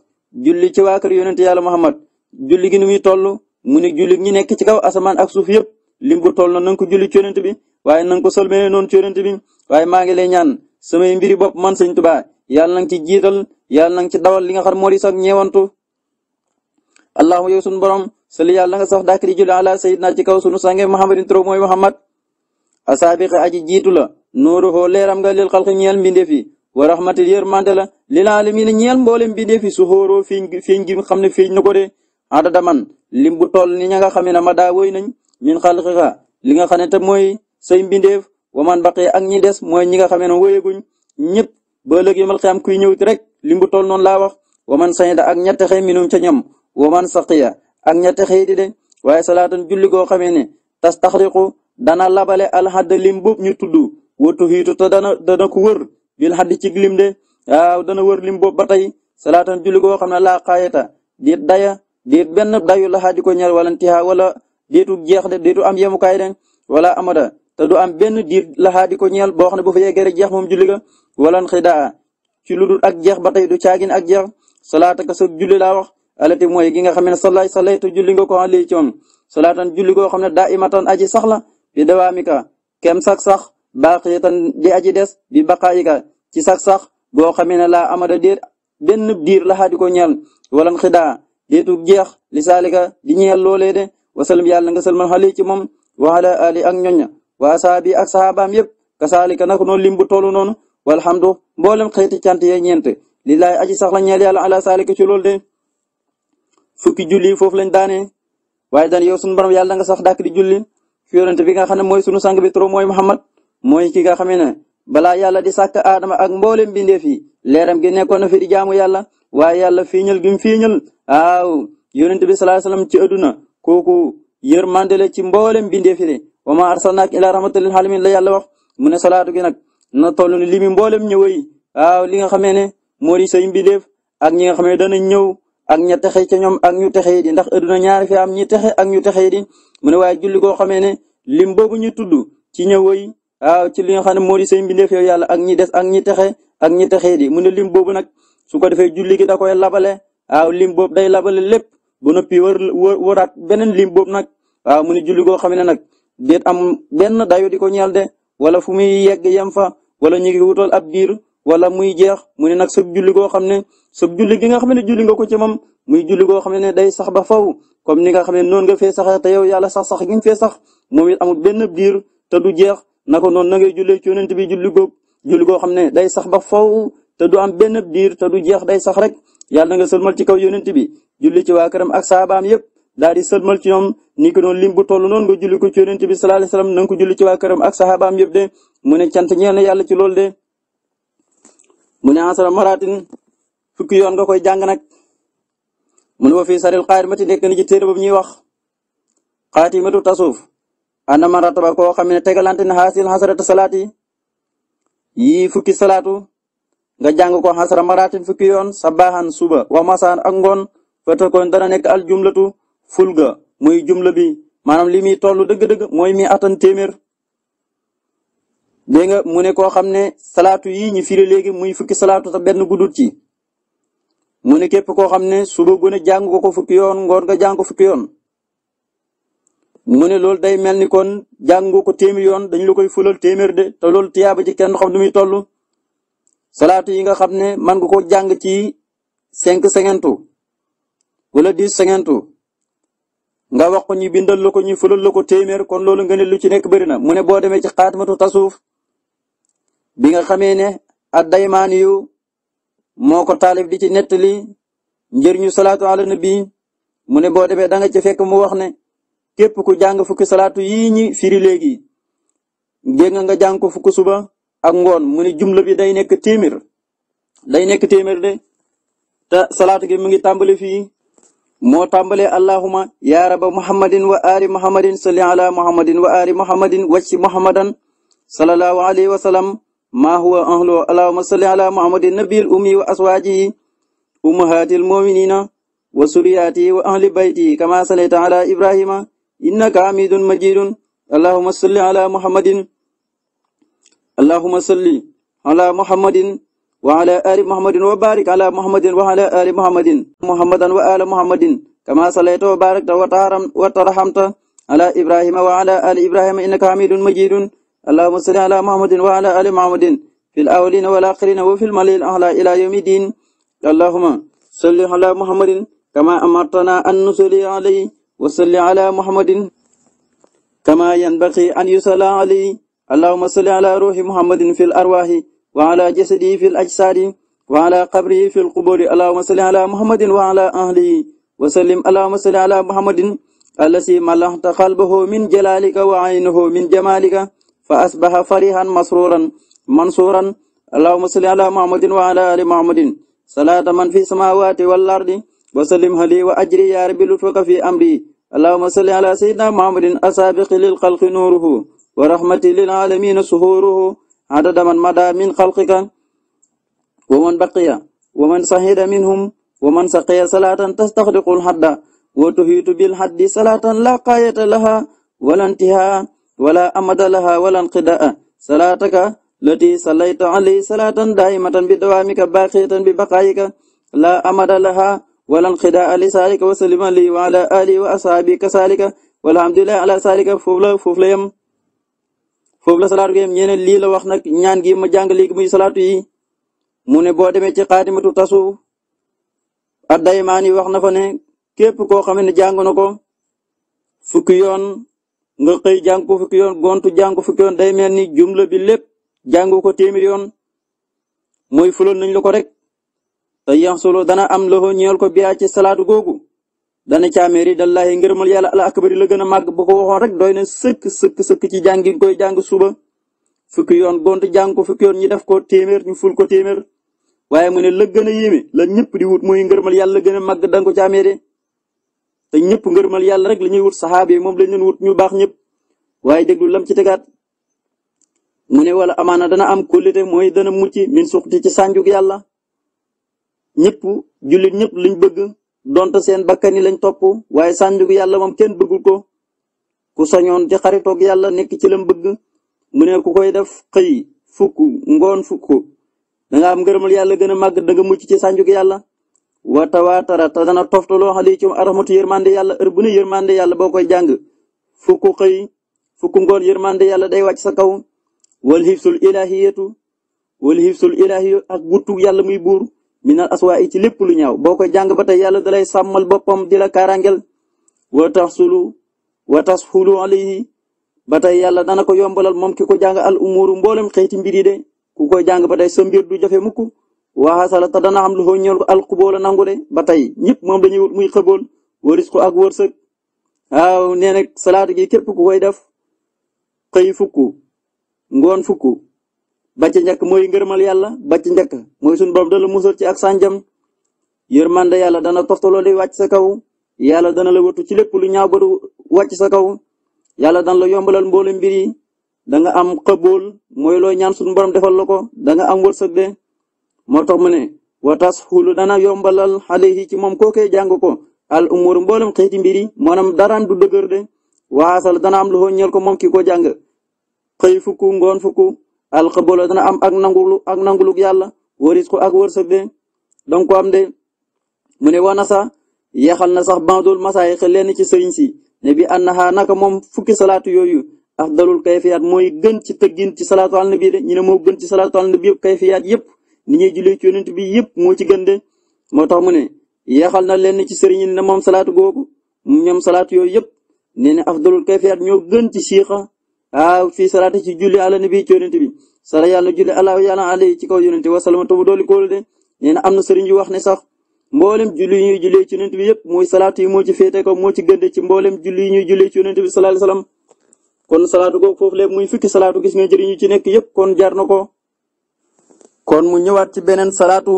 Speaker 1: julli ci waa kër yonent yàlla Muhammad julli gi ni muy toll mu ne julli ñi nekk ci kaw asamaan ak suuf yëpp lim bu toll na nga julli ci yonent bi waaye na ko solmee noonu ci yonent bi waaye maa ngi lay ñaan samay mbiri bopp man sëñ Tuubaa yàlla na nga ci jiital yal na nga ci dawal li nga xam moo di sax ñeewantu allahumma yow sunu borom sali yàlla nga sax dàkk di julli ala na ci kaw sunu sange muhammadin trop mooy muhammad asaabiq aji jiitu la nuuru leeram nga lil xalqi ñeel mbindeef yi wa rahmatil yërmande la lil alamin ñeel mboolem mbindeef yi su xóoroo feeñ feeñ xam ne feeñ na ko de adada man lim bu toll ni ña nga xam ne ma daa woy nañ min xalqiqa li nga xam ne mooy say mbindeef waman baqee ak ñi des mooy ñi nga xamee ne wóyeguñ ñëpp ba ëllëg yomal xiyaam kuy ñëw rek limbu toll noonu laa wax waman sayda ak ña texee minum ca ñoom man saqiya ak ña texee di de waaye salaatan julli xamee ne tas taxriqu dana labale alxadda lim boobu ñu tudd wutu xiitu te dana dana ko bil xaddi ci lim de dana wër lim boobu ba tey salaatan julli goo xam ne laa xaayata diit daya diit benn dayu laxaa di ko ñeel wala ntiha wala diitu jeex de diitu am yemukaay de wala amada te du am benn diir laxaa di ko ñeel boo xam ne bu fa yeggee jeex moom julli ga walan xidaa ci lu dul ak jeex ba tey du caagin ak jeex salaataka sa julli laa wax alati mooy gi nga xam ne salaay salaay te julli nga ko alay ci moom salaatan julli goo xam ne daa imatan aji sax la bi dawaamika kem sax sax baaxiyatan di aji des bi baqaayika ci sax sax boo xamee ne laa amada déet benn diir laxaa di ko ñeel walan xidaa déetu jeex li di ñeel loolee de wasalam yàlla nga salman xale ci moom waxala ali ak wa asaabi ak saxaabaam yëpp kasaalika nag noonu lim bu toll noonu walhamdu mboolem xeeti cant yee ñeent lillaay aji sax la ñeel yàlla ala saalika ci loolu de fukki julli foofu lañ daanee waaye dan yow sunu borom yàlla nga sax dàkk di julli fi yonent bi nga xam ne mooy sunu sang bi trop mooy Muhammad mooy ki nga xamee ne balaa yàlla di sàkk aadama ak mboolem bindeef yi leeram gi nekkoon na fi di jaamu yàlla waaye yàlla fiiñal gi mu fiiñal aaw yonent bi sallallahu alayhi wasallam ci adduna kooku yërmande la ci mboolem bindeef yi de wa ma arsalnaak ila rahmatan lil alamin la yàlla wax mu ne salaatu gi nag na toll ni limi mboolem ñëway waaw li nga xamee ne moo di say mbindeef ak ñi nga xam ne danañ ñëw ak ña texe ca ñoom ak ñu texe di ndax adduna ñaari fi am ñi texe ak ñu texe mu ne waaye julli goo xamee ne lim boobu ñu tudd ci ñëway waaw ci li nga xam ne moo di say mbindeef yow yàlla ak ñi des ak ñi texe ak ñi texe mu ne lim boobu nag su ko defee julli gi da koy labale lim boobu day labale lépp bu noppi war waraat beneen lim boobu nag waaw mu ne julli goo xam ne nag déet am benn dayo di ko ñeel de wala fu muy yegg yem fa wala ñu ngi wutal ab diir wala muy jeex mu ne nag sab julli goo xam ne sab julli gi nga xam ne julli nga ko ci moom muy julli xam ne day sax ba faw comme ni nga xam noonu nga fee te yow yàlla sax sax gi nga fee sax moom it amul benn diir te du jeex na noonu na ngay jullee ci yonent bi julli góob julli goo xam ne day sax ba faw te du am benn biir te du jeex day sax rek yàlla na nga mal ci kaw yonent bi julli ci waa këram ak saabaam yépp daal di sëlmal ci ñoom ni ko noonu lim bu toll noonu nga julli ko ci yonent bi sallallahu alayhi wasallam na ko julli ci waa këram ak saxaabaam yëpp de mu ne cant ñeel na yàlla ci loolu de mu ne maratin fukki yoon nga koy jàng nag mu ne wa fii saril xaatimati nekk na ci téere boobu ñuy wax xaatimatu tasuuf ana man rataba koo xam ne tegalante na xaasil xasarata salaat yi yii fukki salaatu nga jàng ko xasara maratin fukki yoon sabaaxan suba wa masaan ak ngoon fatakoon dana nekk al ful ga muy jumla bi maanaam li muy toll dëgg-dëgg mooy mi atan téeméer dégg nga mu ne koo xam ne salaatu yi ñu firi léegi muy fukki salaatu ta benn guddut ci mu ne képp koo xam ne suba gune jàng ko ko fukki yoon ngoon nga jàng ko fukki yoon mu ne loolu day mel ni kon jàng nga ko téeméer yoon dañ la koy fulal téeméer de te loolu tiyaaba ci kenn xam du muy toll salaatu yi nga xam ne man nga ko jàng ci cinq cinquante wala dix cinquante nga wax ko ñu bindal la ko ñu fulal la ko téeméer kon loolu nga ne lu ci nekk bëri na mu ne boo demee ci xaatmatu tasuuf bi nga xamee ne ad daymaan yu moo ko taalif di ci nettali njëriñu salaatu ala nabi mu ne boo demee da nga ci fekk mu wax ne képp ku jàng fukki salaatu yii ñi firi léegi dégg nga jàng ko fukki suba ak ngoon mu ne jumla bi day nekk téeméer day nekk téeméer de te salaatu gi mu ngi tàmbali fii moo tàmbalee allahuma yaa raba wa ali muhammadin salli ala muhammadin wa ali muhammadin wacci muhammadan sallallahu alayhi wa salli ala muhammadin nabil ummi wa aswaajihi ummahatil muminina wa suriyatihi wa ahli baytihi kama salayta ala ibrahima salli ala muhammadin allahuma وعلى آل محمد وبارك على محمد وعلى آل محمد محمدا وآل محمد كما صليت وباركت وترحمت على إبراهيم وعلى آل إبراهيم إنك حميد مجيد اللهم صل على محمد وعلى آل محمد في الأولين والآخرين وفي الملئ الأعلى إلى يوم الدين اللهم صل على محمد كما أمرتنا أن نصلي عليه وصل على محمد كما ينبغي أن يصلى عليه اللهم صل على روح محمد في الأرواح wa ala jasadihi fil ajsaadi wa ala qabrihi fil quburi allahumma salli ala muhammadin wa ala ahlihi wa sallim allahumma salli ala muhammadin allasi malahta qalbahu min jalalika wa aynahu min jamalika fa asbaha farihan masruran mansuran allahumma salli ala muhammadin wa ala ali muhammadin salata man fi samawati wal ardi wa sallim hali wa ajri ya rabbi lutfaka fi amri allahumma salli ala sayyidina muhammadin asabiqi lil khalqi nuruhu wa rahmati lil alamin suhuruhu عدد من مدى من خلقك ومن بقي ومن صهد منهم ومن سقي صلاة تستخدق الحد وتهيت بالحد صلاة لا قاية لها ولا انتهاء ولا أمد لها ولا انقداء صلاتك التي صليت عليه صلاة دائمة بدوامك باقية ببقائك لا أمد لها ولا انقداء لسالك وسلم لي وعلى آلي وأصحابي كسالك والحمد لله على سالك فوفلا فوفليم foofu la salaatu gi yem ñee ne lii la wax nag ñaan gi ma jàng léegi yi mu ne boo demee ci xaadimatu tasu ad daymaan yi wax na fa ne képp koo xam ne jàng na ko fukki yoon nga xëy jàng ko fukki yoon gontu jàng ko fukki yoon day mel ni jumla bi lépp jàngu ko téeméer yoon mooy fuloon nañ rek te yax solo dana am loxo ñeel ko biyaa ci salaatu dana caameri dallahi ngërëmal yàlla al akbari la gën a màgg bu ko waxoon rek doy na sëkk sëkk sëkk ci jàngi koy jàng suba fukki yoon gont jàng ko fukki yoon ñi def ko téeméer ñu ful ko téeméer waaye mu ne la gën a yéeme la ñëpp di wut mooy ngërëmal yàlla la gën a màgg danga ko caameere te ñëpp ngërëmal yàlla rek la ñuy wut saxaaba yi moom lañ leen wut ñu baax ñëpp waaye déglu lam ci tegaat mu ne wala amaana dana am kóllite mooy dana mucc min suxti ci sànjuk yàlla ñëpp jullit ñëpp luñ bëgg donte seen bakkan yi lañ topp waaye sànjugu yàlla moom kenn bëggul ko ku sañoon ci xaritoog yàlla nekk ci lam bëgg mu ne ku koy def xëy fukk ngoon fukk da nga am ngërëmal yàlla gën a màgg da nga mucc ci sànjugu yàlla wa tawaatara te dana toftaloo xale ci arhamatu yërmande yàlla heure bu ne yërmande yàlla boo koy jàng fukk xëy fukk ngoon yërmande yàlla day wàcc sa kaw wal hifsul ilahiyatu wal hifsul ilahiyu ak wuttug yàlla muy buur minal aswaa yi ci lépp lu ñaaw boo koy jàng ba tey yàlla dalay sàmmal boppam di la kaarangel wa tasulu wa tasxulu alayhi ba tey yàlla dana ko yombalal moom ki ko jàng al umuru mboolem xeeti mbir yi de ku koy jàng ba tey sa mbir du jafe mukk waa xasala te dana am lu ko ñëw alxubóola nangu de ba tey ñëpp moom dañuy wut muy xëbool waris ko ak wërsëg waaw nee na salaatu gi koy def xëy fukk ngoon fukk ba ca njëkk mooy ngërëmal yàlla ba ca njëkk mooy suñu borom dana la musal ci ak sànjam yërmande yàlla dana toftaloo di wàcc sa kaw yàlla dana la wotu ci lépp lu ñaaw ba du wàcc sa kaw yàlla dana la yombalal mboolem mbir yi da nga am xabool mooy loo ñaan suñu borom defal la ko da nga am wërsëg de moo tax mu ne wa tas xulu dana yombalal alayhi ci moom kookee jàng ko al umur mboolem xeeti mbir yi maanaam daraan du dëgër de waasal dana am loxo ñeel ko moom ki ko jàng xëy fukk ngoon alxabola dana am ak nangulu ak nanguluk yàlla waris ko ak wërsëg de danga ko am de mu ne wana sax yeexal na sax bandul masaay xel lenn ci sëriñ si ne bi annaha naka moom fukki salaat yooyu afdalul kayfiyaat mooy gën ci tëggin ci salaatu ala nabi de ñu ne moo gën ci salaatu ala nabi yëpp kayfiyaat yëpp ni ñuy jullee ci yonent bi yëpp moo ci gën de moo tax mu ne yeexal na lenn ci sëriñ na moom salaatu googu ñoom salaatu yooyu yëpp nee na afdalul kayfiyaat ñoo gën ci siixa ah fii salaati ci julli ala nabi ci yonent bi sala yàlla julli ala yàlla ci kaw yonent wa salama tamu dooli kóolu de nee am na sëriñ yu wax ne sax mboolem juli yi ñuy jullee ci yonent bi yëpp mooy salaatu yi moo ci féete ko moo ci gënde ci mboolem julli yi ñuy jullee ci yonent bi sallallahu kon salaatu googu foofu lépp muy fukki salaatu gis nga jëriñu ci nekk yëpp kon jar na ko kon mu ñëwaat ci beneen salaatu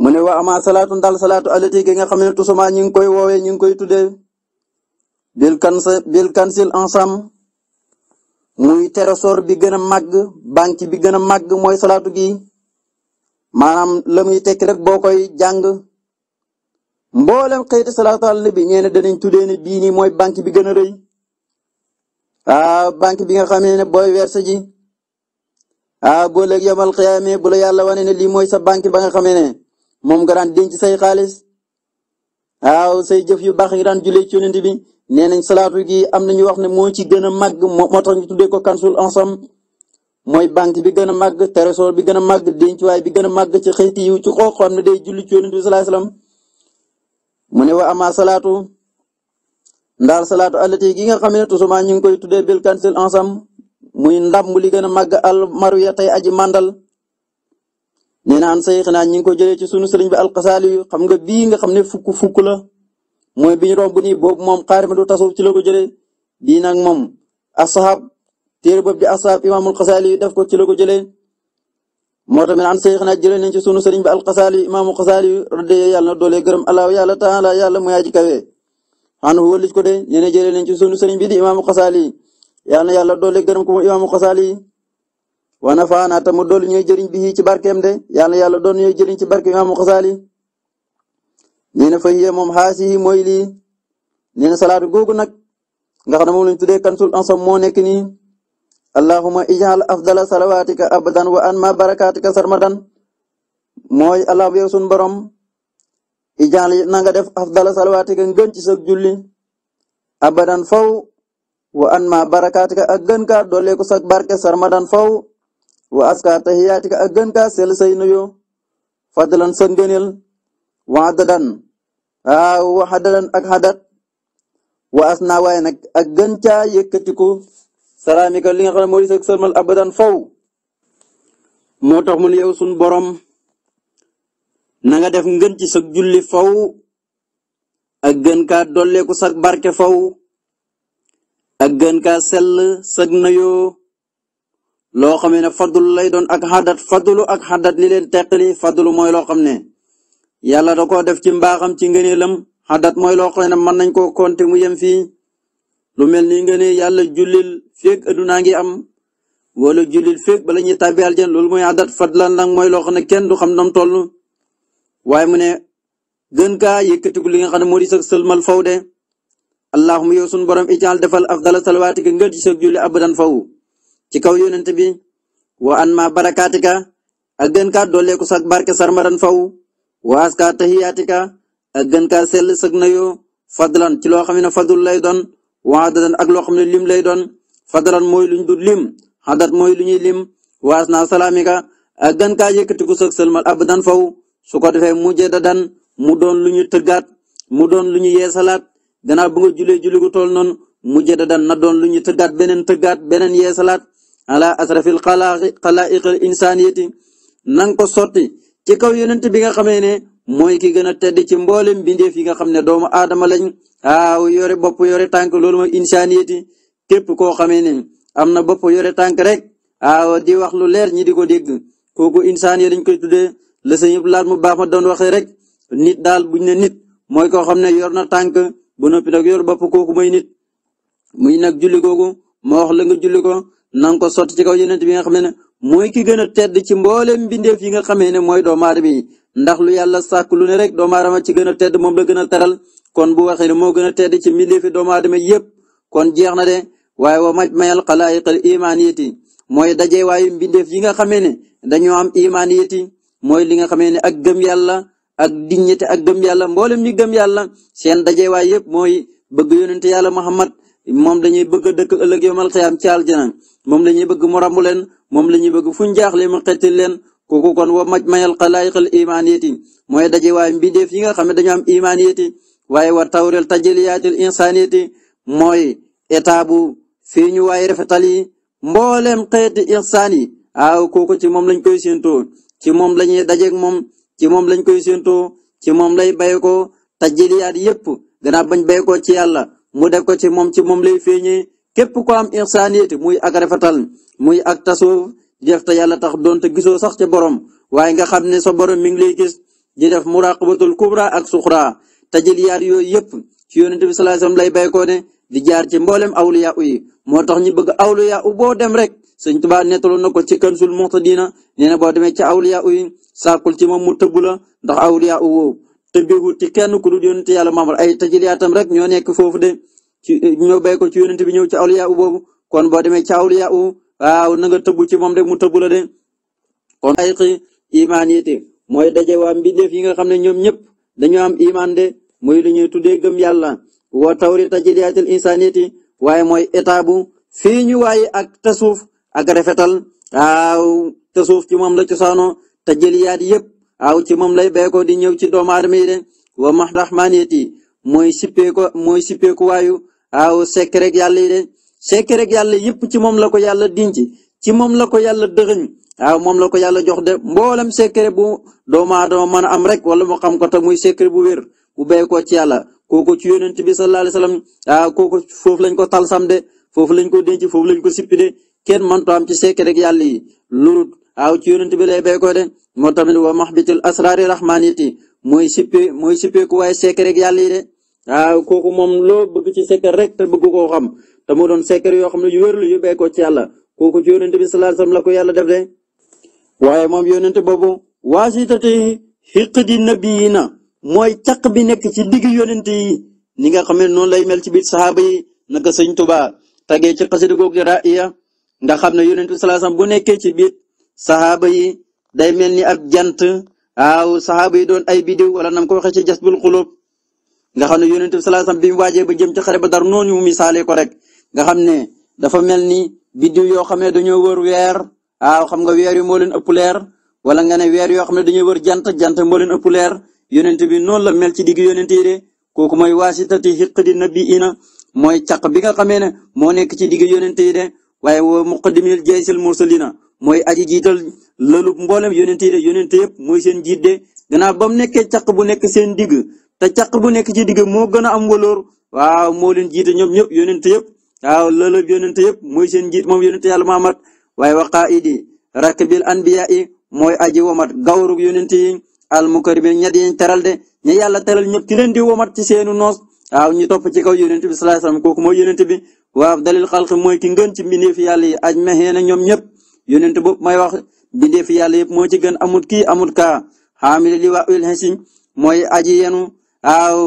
Speaker 1: mu ne wa ama salaatu ndal salaatu alati gi nga xam ne tusuma ñi ngi koy woowee ñi ngi koy tuddee bil kansil bil kansil ensemble muy trésor bi gën a màgg banque bi gën a màgg mooy salaatu gi maanaam la muy tekki rek boo koy jàng mboolem xëyti salaatu àll bi ñeene danañ tuddee ne bii nii mooy banque bi gën a rëy ah banque bi nga xamee ne booy werse ji ah boo léegi yomal xiyaame bu la yàlla wane ne lii mooy sa banque ba nga xamee ne moom nga daan denc say xaalis waaw say jëf yu baax yi daan jullee ci yonent bi nee nañ salaatu gi am na ñu wax ne moo ci gën a màgg moo tax ñu tuddee ko kansul ensemble mooy banque bi gën a màgg trésor bi gën a màgg dencuwaay bi gën a màgg ci xëyti yiw ci xoo xam ne day julli ci yonent bi sallallahu alayhi mu ne wa ama salaatu ndaal salaatu allati gi nga xam ne tusuma ñu ngi koy tuddee bil kansul ensemble muy ndam li gën a màgg al marwiya tey aji mandal nee na an sayxinaa ñi ngi ko jëlee ci sunu sëriñ bi alxasaali yu xam nga bii nga xam ne fukk fukk la mooy bi ñu romb nii boobu moom xaarima du tasawuf ci la ko jëlee bii nag moom asxaab téere boobu di asxaab imaamul xasaali yu def ko ci la ko jëlee moo tamit an sayxinaa jëlee nañ ci sunu sëriñ bi alxasaali yu imaamu xasaali yàlla na doolee gërëm yàlla taala yàlla mu yaaji kawe xan wëllis ko de nee na jëlee nañ ci sunu sëriñ bi di imaamu xasaali yi yàlla na yàlla doolee gërëm ko imaamu wa nafaanaa te mu dolli ñooy jëriñ bi ci barkeem de yàlla yàlla doon ñooy jëriñ ci barke imaamu Xasaali nee na fa yee moom xaasi yi salaatu googu nag nga xam ne moom lañ kansul ansam moo nekk nii allahuma ijal afdala salawaatika abadan wa an ma barakaatika sarmadan mooy allah bu sun borom ijal na def afdala salawaatika ngën ci sa abadan faw wa an ma barakaatika ak gën kaa sarmadan faw wa aska tahiyaatika ak gën kaa sell say nuyoo fadlan sa ngëneel wa adadan waaw wa adadan ak hadat wa asna waaye nag ak gën caa yëkkatiku salaamika li nga xam ne moo di sag sërmal abadan faw moo tax mu ne borom na nga def ngën ci sag julli faw ak gën kaa dolleeku sag barke faw ak gën kaa sell sag nuyoo loo xamee ne fadlu lay doon ak xadat fadlu ak xadat li leen teqali fadlu mooy loo xam ne yàlla da koo def ci mbaaxam ci ngëneelam xadat mooy loo xam ne mën nañ koo konte mu yem fii lu mel ni nga ne yàlla jullil feeg addunaa ngi am wala jullil feeg bala ñuy tàbbi jeen loolu mooy xadat fadlan nag mooy loo xam ne kenn du xam nam toll waaye mu ne gën kaa yëkkatiku li nga xam ne moo di sa sëlmal faw de allahuma yow suñu borom icaal defal afdala salawaati nga ci sa julli abadan faw ci kaw yonent bi wa an ma barakaatika ak gën kaa dolleeku sag barke sarmaran faw wa aska tahiyaatika ak gën kaa sell sag nayoo fadlan ci loo xam ne lay don wa adadan ak loo xam ne lim lay doon fadlan mooy luñ dul lim adat mooy lu ñuy lim waas naa salaamika ak gën kaa yëkkatiku sag sëlmal abadan faw su ko defee mu jëdadan mu doon lu ñu tëggaat mu doon lu ñu yeesalaat gannaaw bu nga julee julli gu tool noonu mu jëdadan na doon lu ñu tëggaat beneen tëggaat beneen yeesalaat ala asrafil xalaa'iqil insaniyati nang ko sotti ci kaw yonent bi nga xamee ne mooy ki gën a tedd ci mboolem bindeef yi nga xam ne doomu aadama lañ aaw yore bopp yore tànk loolu mooy insaniyati képp koo xamee ne am na bopp yore tànk rek aaw di wax lu leer ñi di ko dégg kooku insaniyati dañ koy tuddee la sa yëpp laat mu baax ma doon waxee rek nit daal buñ ne nit mooy koo xam ne yor na tànk bu noppi nag yor bopp kooku moy nit muy nag julli kooku moo wax na sot ci kaw yonent bi nga xam ne mooy ki gën a tedd ci mboolem mbindeef yi nga xamee ne mooy doomu aadama ndax lu yàlla sàkk lu ne rek doomu aadama ci gën a tedd moom la gën a teral kon bu waxee ne moo gën a tedd ci mbindeefi doomu aadama kon jeex na de waaye wa maj mayal xalaayiqal imaaniyati mooy daje waayu mbindeef yi nga xamee ne dañoo am imaaniyati mooy li nga xamee ne ak gëm yàlla ak dignité ak gëm yàlla mboolem mi gëm yàlla seen daje waay yépp mooy bëgg yonente yàlla Muhammad mom dañuy bëgg a dëkk ëllëg yowmal xiyaam ci aljana moom la ñuy bëgg mu rambu leen moom la ñuy bëgg fu ñu jaaxle mu xettil leen kooku kon wa maj mayal xalaayiqal imaaniyati mooy daje waaye mbindeef yi nga xam ne dañoo am imaaniyati waaye wa tawrel tajaliyaatil insaaniyati mooy état bu fii ñu waaye rafetal yi mbooleem xeeti insaan yi kooku ci moom lañ koy séentoo ci moom la ñuy moom ci moom lañ koy séentoo ci moom lay bay ko tajaliyaat yépp gannaaw bañ bay ci yàlla mu def ko ci moom ci moom lay feeñee képp ko am insaniyati muy ak rafetal muy ak tasoof di def te yàlla tax donte gisoo sax ci borom waaye nga xam ne sa borom mi ngi lay gis di def muraqabatul kubra ak suxra tajaliyaat yooyu yëpp ci yonent bi sallallahu alayhi wasallam lay bay ko ne di jaar ci mboolem awliya uy moo tax ñu bëgg awliya u boo dem rek sëñ Tuubaa nettaloon na ko ci Kanzul diina nee na boo demee ci awliya yi sàkkul ci moom mu tëbb la ndax awliya u woowu te bégut ci kenn ku dul yonent yàlla Muhammad ay tajiliyaatam rek ñoo nekk foofu de ci ñoo bay ko ci yonent bi ñëw ci awliyaa bo kon boo demee ci awliyaa waaw na nga tëbbu ci moom mu tëbbu la de kon ay xi imaan yite mooy daje waa mbindeef yi nga xam ne ñoom ñëpp dañoo am iman de muy lu ñuy tuddee gëm yàlla wa tawri tajiliyaatil insaniyati waaye mooy état bu fii ñu waaye ak tasuuf ak rafetal waaw tasuuf ci moom la cosaano tajiliyaat yëpp aw ci moom lay bàyyi di ñëw ci doomu aadama yi de wa max rahmaniyati mooy sippeeku mooy sippeeku waayu aw sekk rek yàlla yi de yàlla yëpp ci moom la ko yàlla dinc ci moom la ko yàlla dëxëñ moom la ko yàlla jox de mboolem secret bu doomu aadama mën a am rek wala mu xam ko te muy secret bu weer bu béy ko ci yàlla kooku ci yonent bi sallallahu alayhi wasallam waaw kooku foofu lañ ko talsam de foofu lañ ko denc foofu lañ ko sippi de kenn mëntu am ci secret rek yàlla yi lurut aw ci yonent bi lay bay ko de moo tamit wa mahbitul asraari rahmaniyati mooy sippe mooy sippeeku waaye secret rek yàlla yi de waaw kooku moom loo bëgg ci secret rek te bëgg koo xam te moo doon secret yoo xam ne yu wér la yu bay ko ci yàlla kooku ci yonent la ko yàlla def de waaye moom yonent boobu waasitati hiqdi nabiyina mooy caq bi nekk ci digg yonent yi ni nga xam ne noonu lay mel ci biir saxaaba yi naka sëñ Tuubaa tagee ci xasida googu ra'iya nga xam na yonent bi bu nekkee ci biir saxaaba yi day mel ni ab jant waaw saxaaba yi doon ay bidiw wala nam ko waxee ci jasbul xulub nga xam ne yonent bi sallallahu bi mu waajee ba jëm ci xare ba dar noonu mu misaalee ko rek nga xam ne dafa mel ni bidiw yoo xam ne dañoo wër weer waaw xam nga weer yi moo leen ëpp leer wala nga ne weer yoo xam ne dañoo wër jant jant moo leen ëpp leer yonent bi noonu la mel ci digg yonent yi de kooku mooy waasitati bi nabiina mooy caq bi nga xamee ne moo nekk ci digg yonent yi de waaye wa muqaddimil jaysil mursalina mooy aji jiital lëlu mboolem yonente yi de yonente yëpp mooy seen jiit de gannaaw ba mu nekkee caq bu nekk seen digg te caq bu nekk ci digg moo gën a am waloor waaw moo leen jiite ñoom ñëpp yonente yëpp waaw lëlu yonente yëpp mooy seen jiit moom yonente yàlla Muhammad waaye waqaa'idi rakbil anbiyaa yi mooy aji womat gawru yonente yi al mukarramin ñett yi teral de ña yàlla teral ñëpp ci leen di womat ci seenu noos waaw ñu topp ci kaw yonente bi sallallahu alayhi wasallam kooku mooy yonente bi waaw dalil xalq mooy ki ngën ci mbindeef yàlla yi aj mexee ñoom ñëpp yonent boobu may wax bindeef yàlla yëpp moo ci amut kii amut ka xaamile li waa ul xinsin mooy aji yenu aaw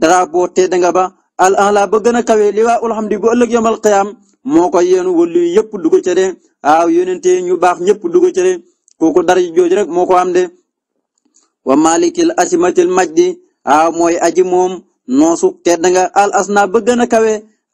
Speaker 1: drapeau te danga ba al ala ba gën a kawe li waa ul xamdi ëllëg yomal qiyaam moo koy yenu wëllu yëpp dugg ca de aaw yonente ñu baax ñëpp dugg ca de kooku dara jooju rek moo ko am de wa malikil asimatil majdi aaw mooy aji moom noosu te danga al asna ba gën a kawe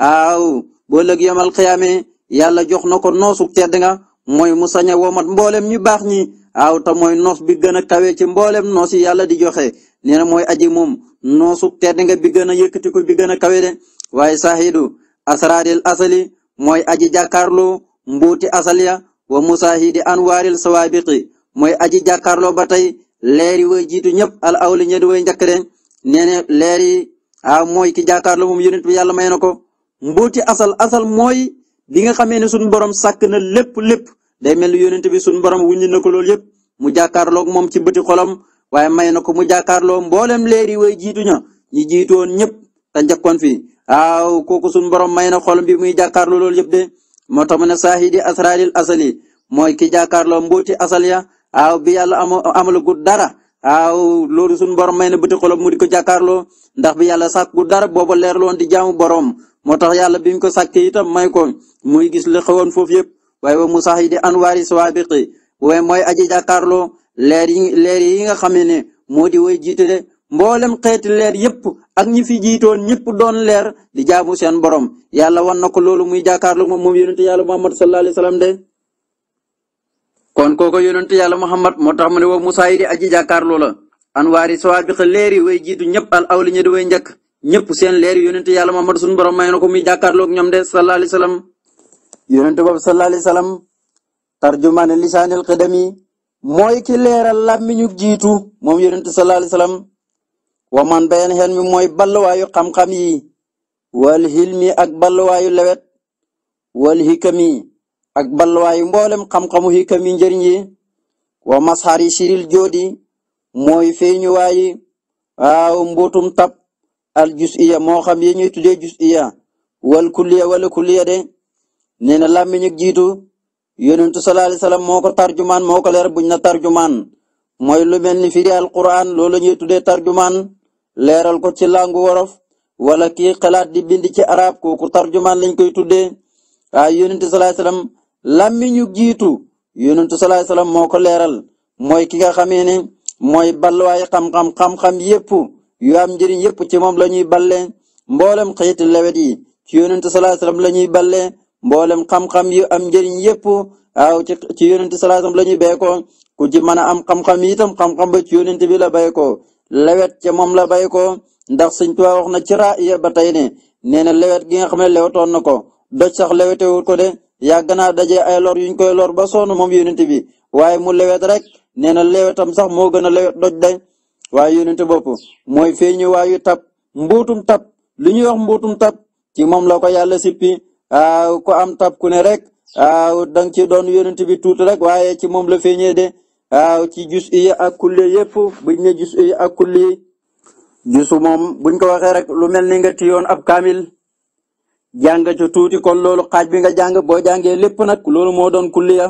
Speaker 1: aaw bu ëllëg yomal qiyaame yàlla jox na ko noosu danga mooy mu sañ a womat mboolem ñu baax ñi aw te mooy noos bi gën a kawe ci mboolem noos yi yàlla di joxe nee na mooy aji moom noosu tedd nga bi gën a yëkkati ko bi gën a kawe de waaye saahidu asraaril asali mooy aji jàkkaarloo mbuuti asal ya wa musaahidi anwaaril sawaabiqi mooy aji jàkkaarloo ba tey leeri way jiitu ñëpp al awli ñedi way njëkk de nee na leeri aw ah, mooy ki jàkkaarloo moom yonent bi yàlla may na ko mbuuti asal asal mooy bi xamee ne suñu borom sàkk na lépp lépp day mel ni yonent bi suñu borom wuññi na ko loolu yëpp mu jàkkaarloog moom ci bëti xolam waaye may na ko mu jàkkaarloo mboolem leer yi way jiitu ña ñi jiitu woon ñëpp te njëkkoon fii waaw kooku suñu borom may na xolam bi muy jàkkaarloo lool yëpp de moo tax mu ne saahidi asraaril asali mooy ki jàkkaarloo mbooti asal ya waaw bi yàlla amoo amalagut dara. waaw loolu suñu borom may na bëti xolam mu di ko jàkkaarloo ndax bi yàlla sàkku dara booba leer loon di jaamu borom moo tax yàlla biñ ko sàkkee itam may ko gis li xewoon foofu yëpp. waaye woo wa musahidi anwaari sawabiqi waaye mooy aji jàkkaarloo leer yi leer yi nga xam ne moo di way jiite de mboolem xeeti leer yëpp ak ñi fi jiitoon ñëpp doon leer di jaamu seen borom yàlla wan na ko loolu muy jàkkaarloo moom moom yonente yàlla muhammad sallallahu alayhi wasallam de kon kooko yonente yàlla muhammad moo tax mu ne wa musahidi aji jàkkaarloo la anwaari sawabiqi leer yi way jiitu ñëpp al awli ñi di way njëkk ñëpp seen leer yonente yàlla muhammad suñu borom may na ko muy jàkkaarloo ak ñoom de sallallahu alayhi wasallam yonent boobu sallallahu alayhi wasallam tarjumaane lisaanil qadami mooy ki leeral làmmiñu jiitu moom yonent sallallahu alayhi wasallam wa man bayan xen mi mooy balluwaayu xam-xam yi wal hilmi ak balluwaayu lewet wal hikami ak balluwaayu mboolem xam-xamu hikami njëriñ yi wa masxari siril joodi mooy feeñu waayi waaw mbuutum tab al jus iya moo xam yi ñuy wal kulliya wala kulliya de nee na làmmiñ ak jiitu yonentu sallallahu alayhi moo ko tarjumaan moo ko leer buñ na tarjumaan mooy lu mel ni firi alquran loolu la ñuy tuddee tarjumaan leeral ko ci langu wolof wala ki xalaat di bind ci araab kooku tarjumaan lañ koy tuddee waaye yonentu sallallahu alayhi wasallam jiitu yonentu sallallahu alayhi moo ko leeral mooy ki nga xamee ne mooy balluwaay xam-xam xam-xam yépp yu am njëriñ yépp ci moom la ñuy balle mboolem xeeti lewet yi ci yonentu sallallahu la ñuy balle mboolem xam-xam yu am njëriñ yëpp waaw ci ci yonent salaasam la ñu béykoo ku ci mën a am xam-xam itam xam-xam ba ci yonent bi la béykoo lewet ca moom la béykoo ndax Sëñ Tuubaa wax na ci raaya ba tey ne nee na lewet gi nga xam ne na ko doj sax lewetewul ko de yàgg naa daje ay lor yuñ koy lor ba sonn moom yonent bi waaye mu lewet rek nee na lewetam sax moo gën a lewet doj de waaye yonent bopp mooy feeñu waayu tab mbuutum tab li ñuy wax mbuutum ci moom la ko yàlla sippi ku am tab ku ne rek da nga ci doon yonent bi tuuti rek waaye ci moom la feeñee de waaw ci jus yi ak kulli yëpp buñ ne jus yi ak kulli jusu moom buñ ko waxee rek lu mel ni nga tiyoon ab kaamil jàng ci tuuti kon loolu xaaj bi nga jàng boo jàngee lépp nag loolu moo doon kulliya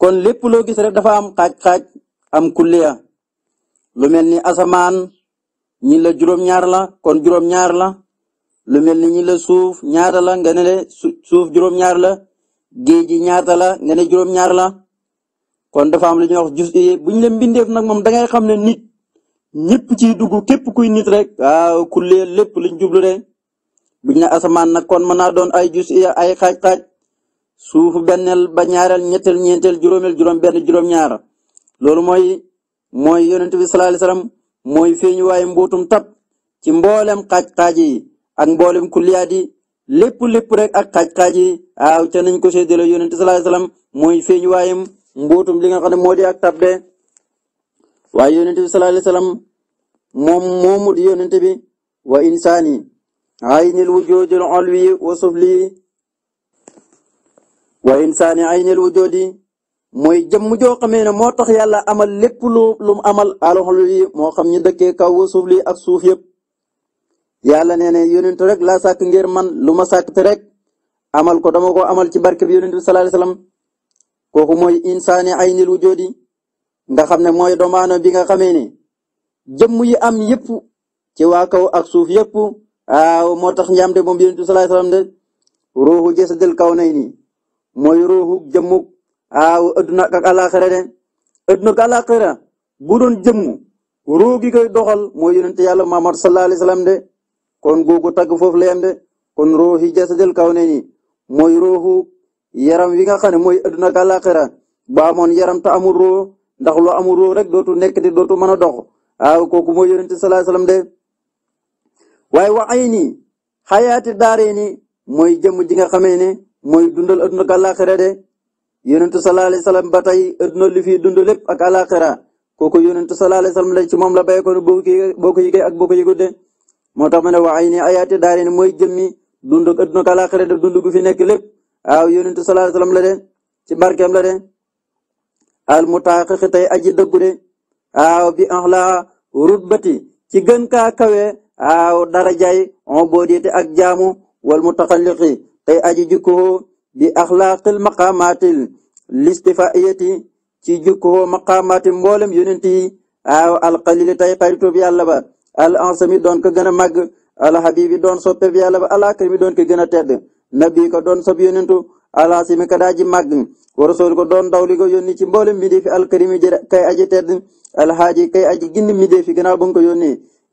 Speaker 1: kon lépp loo gis rek dafa am xaaj-xaaj am kulliya lu mel ni asamaan ñi la juróom-ñaar la kon juróom-ñaar la lu mel ni ñi la suuf ñaata la nga le suuf juróom-ñaar la géej gi ñaata la nga ne la kon dafa am lu ñuy wax jus eh, buñ la mbindeef nag moom da ngay xam ne nit ñëpp ciy dugg képp kuy nit rek waaw kullee lépp lañ jublu de buñ ne nag kon mën naa doon ay jus eh, ay xaaj-xaaj suufu benneel ba ñaareel ñetteel ñeenteel juróomeel juróom benn juróom-ñaar loolu mooy mooy yonent bi sallallahu alayhi wasallam mooy feeñu waaye mbootum tab ci mboolem xaaj-xaaj ak mboolem kulliyaat yi lépp lépp rek ak xaaj-xaaj yi waaw nañ ko séddale yonent sallallahu alayhi wasallam mooy feeñu waayam mbootum li nga xam ne moo di ak tabde waaye yonent bi sallallahu moom moomu di bi wa insaani aynil wujudil ulwi wa sufli wa insaani aynil wujudi mooy jëmm joo xamee ne moo tax yàlla amal lépp lu lu amal alxul yi moo xam ñu dëkkee kaw wa suuf ak suuf yëpp yàlla nee na yonentu rek laa sàkk ngir man lu ma sàkk te rek amal ko dama ko amal ci barke bi yonentu sallallahu alayhi wasallam kooku mooy insaani aynil wujudi nga xam ne mooy domaano bi nga xamee ne jëmm yi am yëpp ci waa kaw ak suuf yëpp waaw moo tax njaam de moom yonentu sallallahu alayhi wasallam de ruuxu jasadil kaw nay nii mooy ruuxu jëmmuk waaw adduna ak alaxira de adduna ak alaxira bu doon jëmm ruux gi koy doxal mooy yonente yàlla Muhammad sallallahu alayhi wasallam de kon googu tagg foofu la de kon ruuxi jasadil kaw ne ni mooy ruuxu yaram wi nga xam ne mooy adduna ak àllaaxira ba yaram ta amul ruux ndax lu amul ruux rek dootu nekk di dootu mën a dox waaw kooku mooy yonent salaa salaam de waaye wa ay nii xayaati daaree ni mooy jëmm ji nga xamee ne mooy dundal adduna ak àllaaxira de yonent salaa alayhi salaam ba tey adduna li fi dund lépp ak àllaaxira ta yonent salaa alayhi salaam la ci moom la bàyyi ko boo moo tax ma ne waxay ni ayaati daarin mooy jëmmi dund ak adduna ak àllaaxira fi nekk lépp waaw yonent sallallahu alayhi wa de ci barkeem la de al mutaaqiq tey aji dëggu de bi ahla rutbati ci gën kaa kawe waaw darajay on boodite ak jaamu wal mutaxalliqi tey aji jukkoo bi axlaaqil maqaamaatil listifaiyati ci jukkoo maqaamaati mboolem yonent yi waaw alxalili tey xaritoob yàlla ba al ansami doon ko gën a màgg al habibi doon soppeeb yàlla ba al akrami doon ko gën a tedd nabi doon sob yonentu al asimi ka daaji màgg wa rasul ko doon daw li ko yónni ci mboolem mi dee fi al karimi kay aji tedd al haaji kay aji gindi mi dee fi gannaaw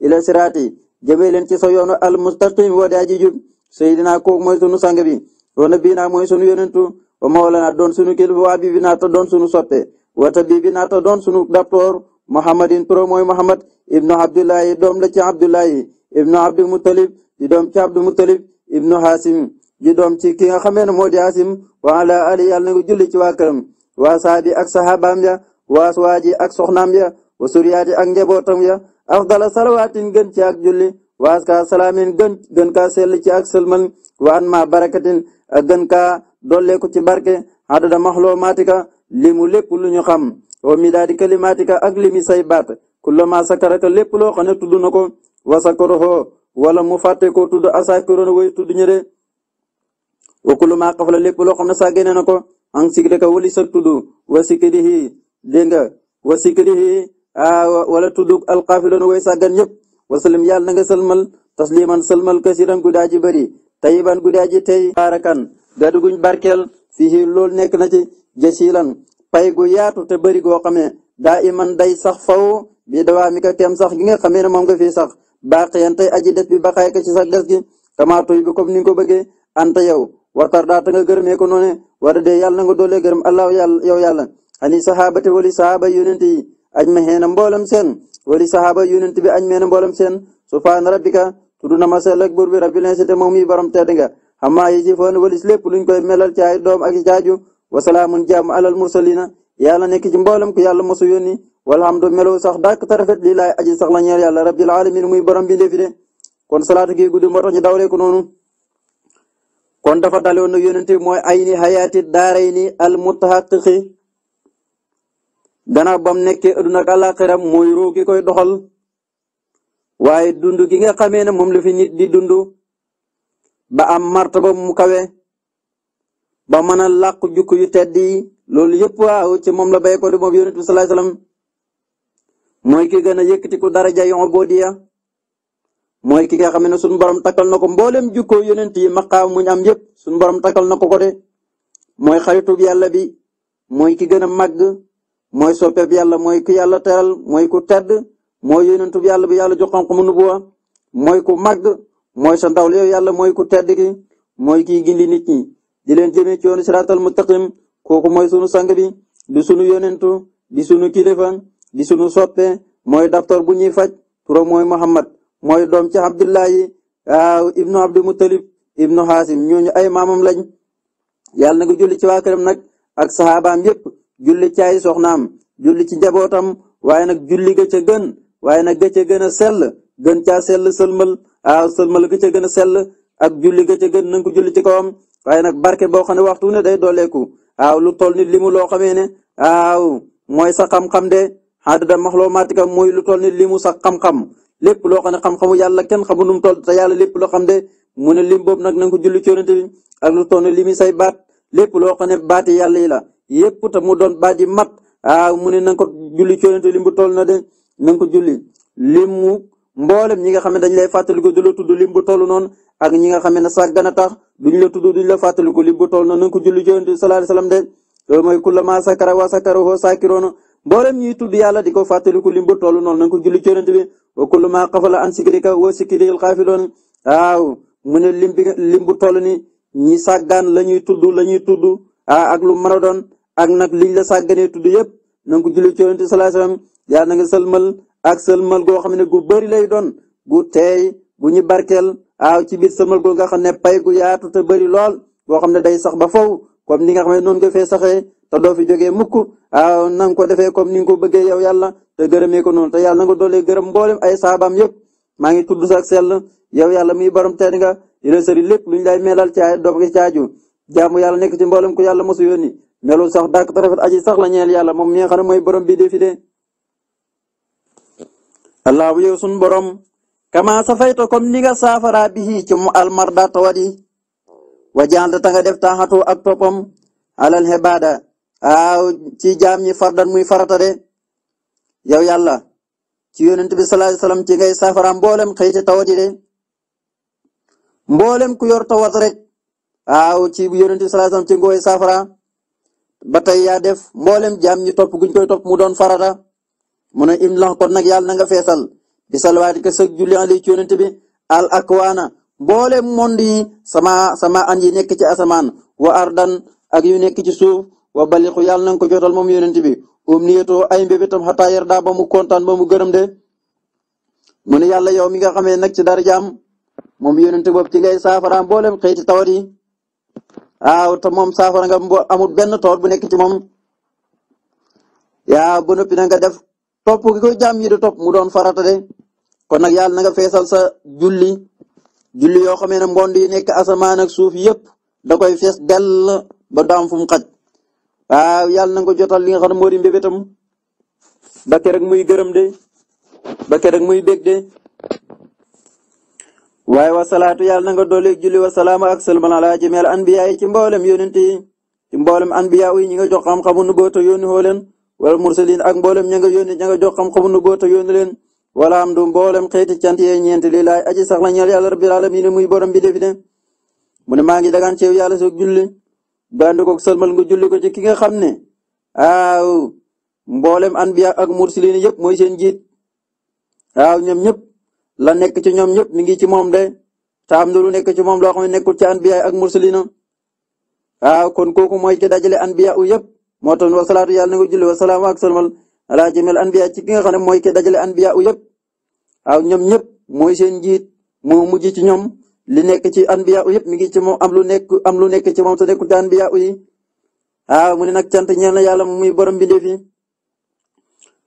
Speaker 1: ila siraati jëmee ci sa yoonu al mustaqim wa daaji jub sayidina kooku mooy sunu sang bi wa nabina mooy sunu yonentu wa mawlana doon sunu kilifa wa habibi naata doon sunu soppe wa tabibi naata doon sunu ibnu abdullahi doom la ci abdullahi ibnu abdul mutalib ci abdul ibnu hasim di doom ci ki nga xamee ne moo wa ala ali na julli ci waa këram waa saabi ak sahabaam ya wa suryaati ak njabootam ya afdala salawaatin gën ci ak julli wa aska salaamin gën gën kaa sell ci ak sëlmal wa an ma barakatin ak gën kaa dolleeku ci barke adada maxloo maatika limu lépp lu ñu xam wa midaadi kalimaatika ak limi say kullama sakaraka lépp loo xam ne tudd na ko wa sakarahu wala mu fàtte ko tudd asakirona way tudd ñëre wa kullama xafala lépp loo xam ne sàggane na ko an sikrika wali sa tudd wa sikrihi dégg nga wa sikrihi wala tudd alxaafiloona way sàggan yëpp wasalim yàlla na nga salmal tasliman salmal kasiran gudaa ji bëri tayiban gudaa ji tey baarakan gadu guñ barkeel fii loolu nekk na ci pay gu yaatu te bëri goo xamee daa iman day sax faw bii dawaa mi ka kem sax gi nga xamee ne moom nga fii sax baaqiyan tey aji des bi baxaay ka ci sax des gi kama bi comme ni nga ko bëggee anta yow wartar daata nga gërëmee ko noone war a dee yàlla na nga doolee gërëm allah yàlla yow yàlla ani saxaabate wali saxaaba yonent yi aj ma xeena mboolem seen wali saxaaba yonent bi aj meena mboolem seen subhaana rabbika tudd na ma sell ak buur bi rabbil izzati moom yi borom tedd nga xammaa yi ci foon walis lépp luñ koy melal ci ay doom ak jaaju wasalaamun jàmm alal mursalina yàlla nekk ci mboolem ku yàlla mosu yónni walhamdu melo sax dàkk te rafet lii laay aji sax la ñeel yàlla rabbil alamin muy borom bi ndefi de kon salaatu gi guddi moo tax ñu dawree kon dafa daloon nag yonent bi mooy ay ni xayaati daaray ni al mutahaqiqi gannaaw bam nekkee adduna ak àllaaxira mooy ruu koy doxal waaye dund gi nga xamee ne moom la fi nit di dund ba am martaba mu kawe ba mën a làq jukk yu tedd yi loolu yëpp waaw ci moom la bay ko di moom yonent bi sallallahu alayhi wasallam mooy ki gën a yëkkatiku daraja yu ubudiyya mooy ki nga xam ne suñu borom takal na ko mboolem jukkoo yonent yi maqaam muñ am yëpp suñu borom takkal na ko ko mooy xaritub yàlla bi mooy ki gën a màgg mooy soppeeb yàlla mooy ki yàlla teral mooy ku tedd mooy yonentub yàlla bi yàlla jox xam-xamu nubuwa mooy ku màgg mooy sa ndaw yow yàlla mooy ku tedd gi mooy kiy gindi nit ñi di leen jëmee ci yoonu siraatal mustaqim kooku mooy sunu sang bi di sunu yonentu di sunu kilifa di sunu soppe mooy docteur bu ñuy faj turam mooy Muhammad mooy doom ci Abdullahi ibnu Abdul Muttalib ibnu Hasim ñooñu ay maamam lañ yàlla na nga julli ci waa këram nag ak saxaabaam yépp julli ci ay soxnaam julli ci njabootam waaye nag julli ga gën waaye nag ga gën a sell gën caa sell sëlmal ah sëlmal ga ca gën a sell ak julli ga ca gën na ko julli ci kawam waaye nag barke boo xam ne waxtu ne day dooleeku waaw lu toll nit li mu loo xamee ne mooy sa xam-xam de adada maxluumaatika mooy lu toll ni limu sax xam-xam lépp loo xam ne xam-xamu yàlla kenn xamu nu mu toll te yàlla lépp loo xam ne lim boobu nag na nga ko julli ci yonent bi ak lu toll ni limi say baat lépp loo xam ne baati yàlla yi la yépp te mu doon baat yi mat a ah, mu ne na ko julli ci yonent lim bu toll na de na nga ko julli limu mboolem ñi nga xam ne dañ lay fàttaliku du bu toll noonu ak ñi nga xam ne sàggana tax duñ la tudd duñ la fàttaliku lim toll noonu na nga ko julli ci yonent bi sallallahu alayhi wasallam de loolu mooy kullama sakara wa sakarahu sakiroon mboolem ñuy tudd yàlla di ko fàttaliku lim bu toll noonu nañ ko julli corante bi wa kullu ma xafala an sikrika wa sikril xaafiloon waaw mu ne lim bi lim bu toll ni ñi sàggaan la ñuy tudd la ñuy tudd ah, ak lu mën a doon ak nag liñ la sàgganee tudd yëpp na nga ko julli corante bi sallallahu alayhi wasallam yaa na nga sëlmal ak goo xam ne gu bëri lay doon gu teey gu ñu barkeel a ah, ci biir sëlmal goo nga xam ne pay gu yaatu te bëri lool boo xam ne day sax ba faw comme ni nga xam ne noonu nga fee te doo fi jógee mukk waaw na ko defee comme ni nga ko bëggee yow yàlla te gërëmee ko noonu te yàlla na nga doolee gërëm mboolem ay saabaam yëpp maa ngi tudd sax sell yow yàlla muy borom tedd nga dina sëri lépp lu ñu lay melal ci ay dof gi caaju jaamu yàlla nekk ci mboolem ku yàlla mosu yónni melul sax dàkk te rafet aji sax la ñeel yàlla moom mi nga xam ne mooy borom bi dee fi dee allahu yow sun borom kama safayta comme ni nga saafara bi ci mu almarda tawadi wa jàll ta nga def taaxatu ak toppam alal hebaada waaw ci jaam ñi fardan muy farata de yow yàlla ci yonent bi sallallahu alayhi ci ngay saafara mboolem xëyti tawat yi de mboolem ku yor tawat rek waaw ci yonent bi sallallahu alayhi wasallam ci ngooy saafara ba tey yaa def mboolem jaam ni topp guñ koy mu doon farata mu ne imlan kon nag yàlla na nga feesal bi salwaati ka sëg julli ali ci yonent bi al akwaana mboolem monde sama sama an yi nekk ci asamaan wa ardan ak yu nekk ci suuf wa balixu yàlla na nga ko jotal moom yonent bi umniyatoo ay mbébétam xataa yardaa ba mu kontaan ba mu gërëm de mu ne yàlla yow mi nga xamee nag ci darajaam moom yonent boobu ci ngay saafara mboolem xeeti tawat yi waaw te moom saafara nga amul benn tawat bu nekk ci moom yaa ba noppi nga def topp gi ko jaam yi di topp mu doon farata de kon nag yàlla na nga feesal sa julli julli yoo xamee ne mbond yi nekk asamaan ak suuf yëpp da koy fees dell ba du am fu waaw ah, yàlla na nga ko jotal li nga xam ne moo di mbébétam ba rek muy gërëm de ba ke rek muy bég de waaye wasalaatu yàlla na nga dolli julli wasalaama ak salman ala jamiil anbiya yi ci mboolem yonent yi ci mboolem anbiya yi ñi nga jox xam-xamu nubuwwata yónni hoo leen wala mursalin ak mboolem ña nga yónni ña nga jox xam-xamu nubuwwata yónni leen wala am du mboolem xeeti cant yee ñeent lii laay aji sax la ñeel yàlla rabbil alamin muy borom bi defi de maa ngi dagaan yàlla soog julli bànd koog sëlmal nga julli ko ci ki nga xam ne aaw mboolem anbiya ak mursalin yëpp mooy seen jiit waaw ñoom ñëpp la nekk ci ñoom ñëpp mi ngi ci moom de te am na lu nekk ci moom loo xam ne nekkul ci anbiya ak mursalina waaw kon kooku mooy ki dajale anbiya u yëpp moo tax wa salaatu yàlla na nga julli wa salaam ak sëlmal ala jamil anbiya ci ki nga xam ne mooy ki dajale anbiya u yëpp waaw ñoom ñëpp mooy seen jiit mo mujj ci ñoom. li nekk ci anbiya yëpp mi ngi ci moom am lu nekk am lu nekk ci moom te nekkul ci anbiya yi ah mu ne nag cant ñeel na yàlla muy borom bindeef yi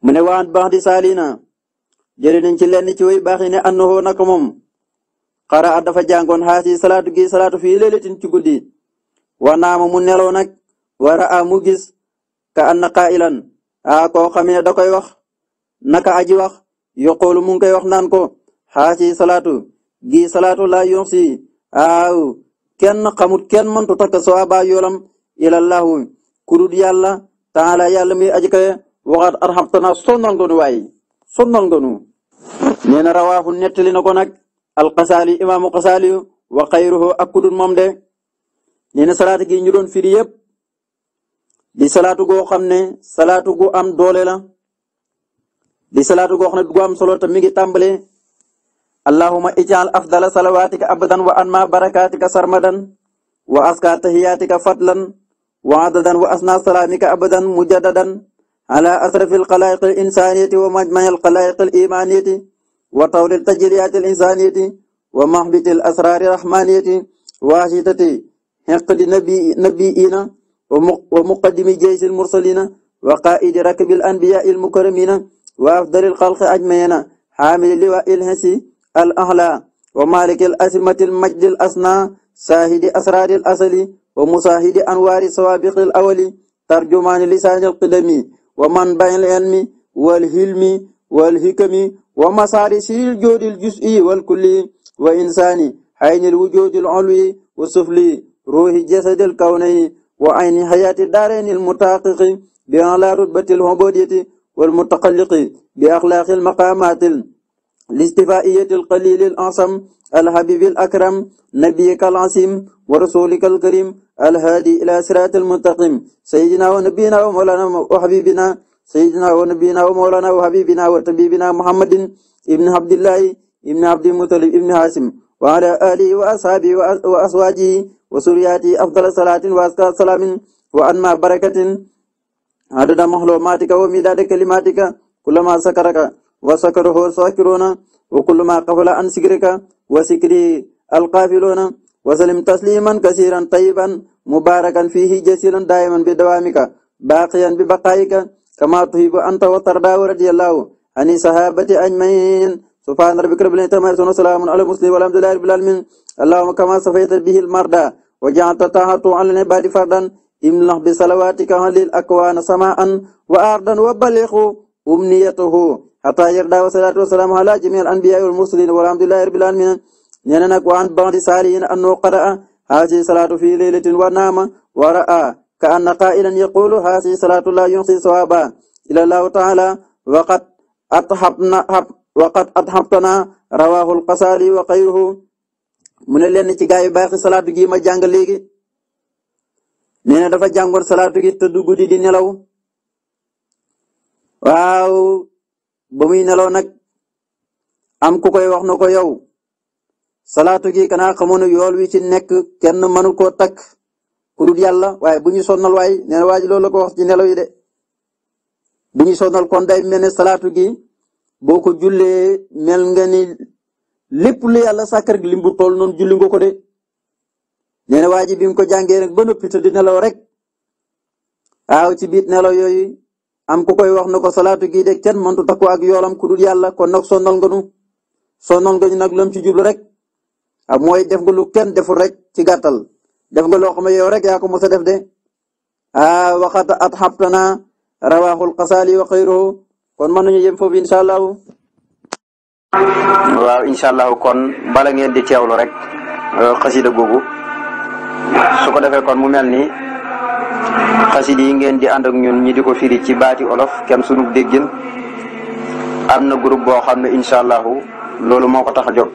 Speaker 1: mu ne waan baax di saalina jëri nañ ci lenn ci way baax yi ne annahoo naka moom xara dafa jàngoon xaasi salaatu gi salaatu fii leelatin ci guddi wa mu neloo nag wara a mu gis ka an na qaa'ilan a ah, koo xam ne da koy wax naka aji wax yoqoolu mu ngi koy wax naan ko salaatu gi salaatu laa aaw kenn xamut kenn mëntu takk sawaaba yoolam ilallahu kudut yàlla taala yàlla muy aji kawe waxaat arxamtana sonnal nga nu sonnal nga nu nee na rawaahu nettali na ko nag alxasaali imaamu xasaali wa xayruhu ak kudut de nee na salaatu gi ñu doon di salaatu goo xam ne salaatu gu am doole la di salaatu goo xam ne gu am solo te mi ngi allahuma ijaal afdala salawaatika abadan wa anma barakaatika sarmadan wa aska tahiyaatika fadlan wa adadan wa asna salaamika abadan mujaddadan ala asrafi alxalaayiq alinsaaniyati wa majmaci alxalaayiq alimaaniyati wa tawli altajriyaati alinsaaniyati wa mahbiti alasraari rahmaaniyati wa ashitati hiqdi nabiyiina wa muqaddimi jeysi almursaliina wa qaa'idi rakbi alanbiyaai almukarramiina wa afdali alxalqi ajmaciina xaamili liwaa ilhasi al ahla wa malik al asimati al majdi al asna saahidi asraari al asali wa musaahidi anwaari sawaabiqi al awali tarjumaani lisaani al qidami wa manbai al ilmi wal hilmi wal hikami wa masaari siril joodi al jus'i wal kulli wa insaani hayni al wujudi al ulwi wa sufli ruuhi jasadi al kawnayi wa ayni hayaati daareeni al mutaaqiqi bi ala rutbati al ubudiyati wal mutaqalliqi bi axlaaqi al maqaamaati لاستفائية القليل الأعصم الحبيب الأكرم نبيك العظيم ورسولك الكريم الهادي إلى صراط المستقيم سيدنا ونبينا ومولانا وحبيبنا سيدنا ونبينا ومولانا وحبيبنا وطبيبنا محمد ابن عبد الله ابن عبد المطلب ابن هاشم وعلى آله وأصحابه وأزواجه وسرياته أفضل صلاة وأزكى سلام وأنمى بركة عدد مخلوقاتك ومداد كلماتك كلما سكرك وسكره الساكرون وكل ما قفل عن سكرك وسكري القافلون وسلم تسليما كثيرا طيبا مباركا فيه جسيرا دائما بدوامك باقيا ببقائك كما تحب أنت وترضى رضي الله عن الصحابة أجمعين سبحان ربك رب العزة وسلام على المسلم والحمد لله رب العالمين اللهم كما صفيت به المرضى وجعلت طاعة على العباد فردا املح بصلواتك للأكوان سماء وأرضا وبلغ أمنيته a yarda wa salaatu wa salaamu ala jamii al anbiyaa wal mursalin walhamdulillahi rabbil alamin nee na nag wa an ba'di saalihin annahu qara'a salaatu fi laylatin wa naama wa ra'a ka anna qaa'ilan yaqulu haasihi salaatu laa yuxsi sawaaba ila allahu taala waqad athabna waqad athabtana rawaahu al wa xayruhu mu ne leen ci gaa yu baaxi salaatu gi ma jàng léegi nee dafa jàngoon salaatu gi tëdd guddi di nelaw waaw ba muy nelaw nag am ku koy wax na ko yow salaatu gi kanaa xamoon yool wi ci nekk kenn mënu koo takk ku dul yàlla waaye bu ñu sonnal waay waa ji loolu la ko wax ci nelaw de bu ñu sonnal kon day mel ne salaatu gi boo ko jullee mel nga ni lépp lu yàlla sàkk rek lim bu toll ko de nee na waa ji bi ko jàngee rek ba noppi te di nelaw rek waaw ci biir nelaw yooyu am ku koy wax na ko salaatu gii dég cat mëntu takku ak yoolam ku dul yàlla kon nag sonnal nga nu sonnal nga ñu nag lam ci jublu rek ak mooy def nga lu kenn deful rek ci gàttal def nga loo xam ne yow rek yaako ko a def de ah waxata at xabtana rawaaxul xasaali wa xayruhu kon mën nañu yem foofu incha allahu waaw incha allahu kon bala ngeen di teewlu rek euh, xasida googu su ko defee kon mu mel ni xasida yi ngeen di ànd ak ñun ñi di ko firi ci baati olof kenn sunu déggin am na groupe boo xam ne incha allahu loolu moo ko tax a jóg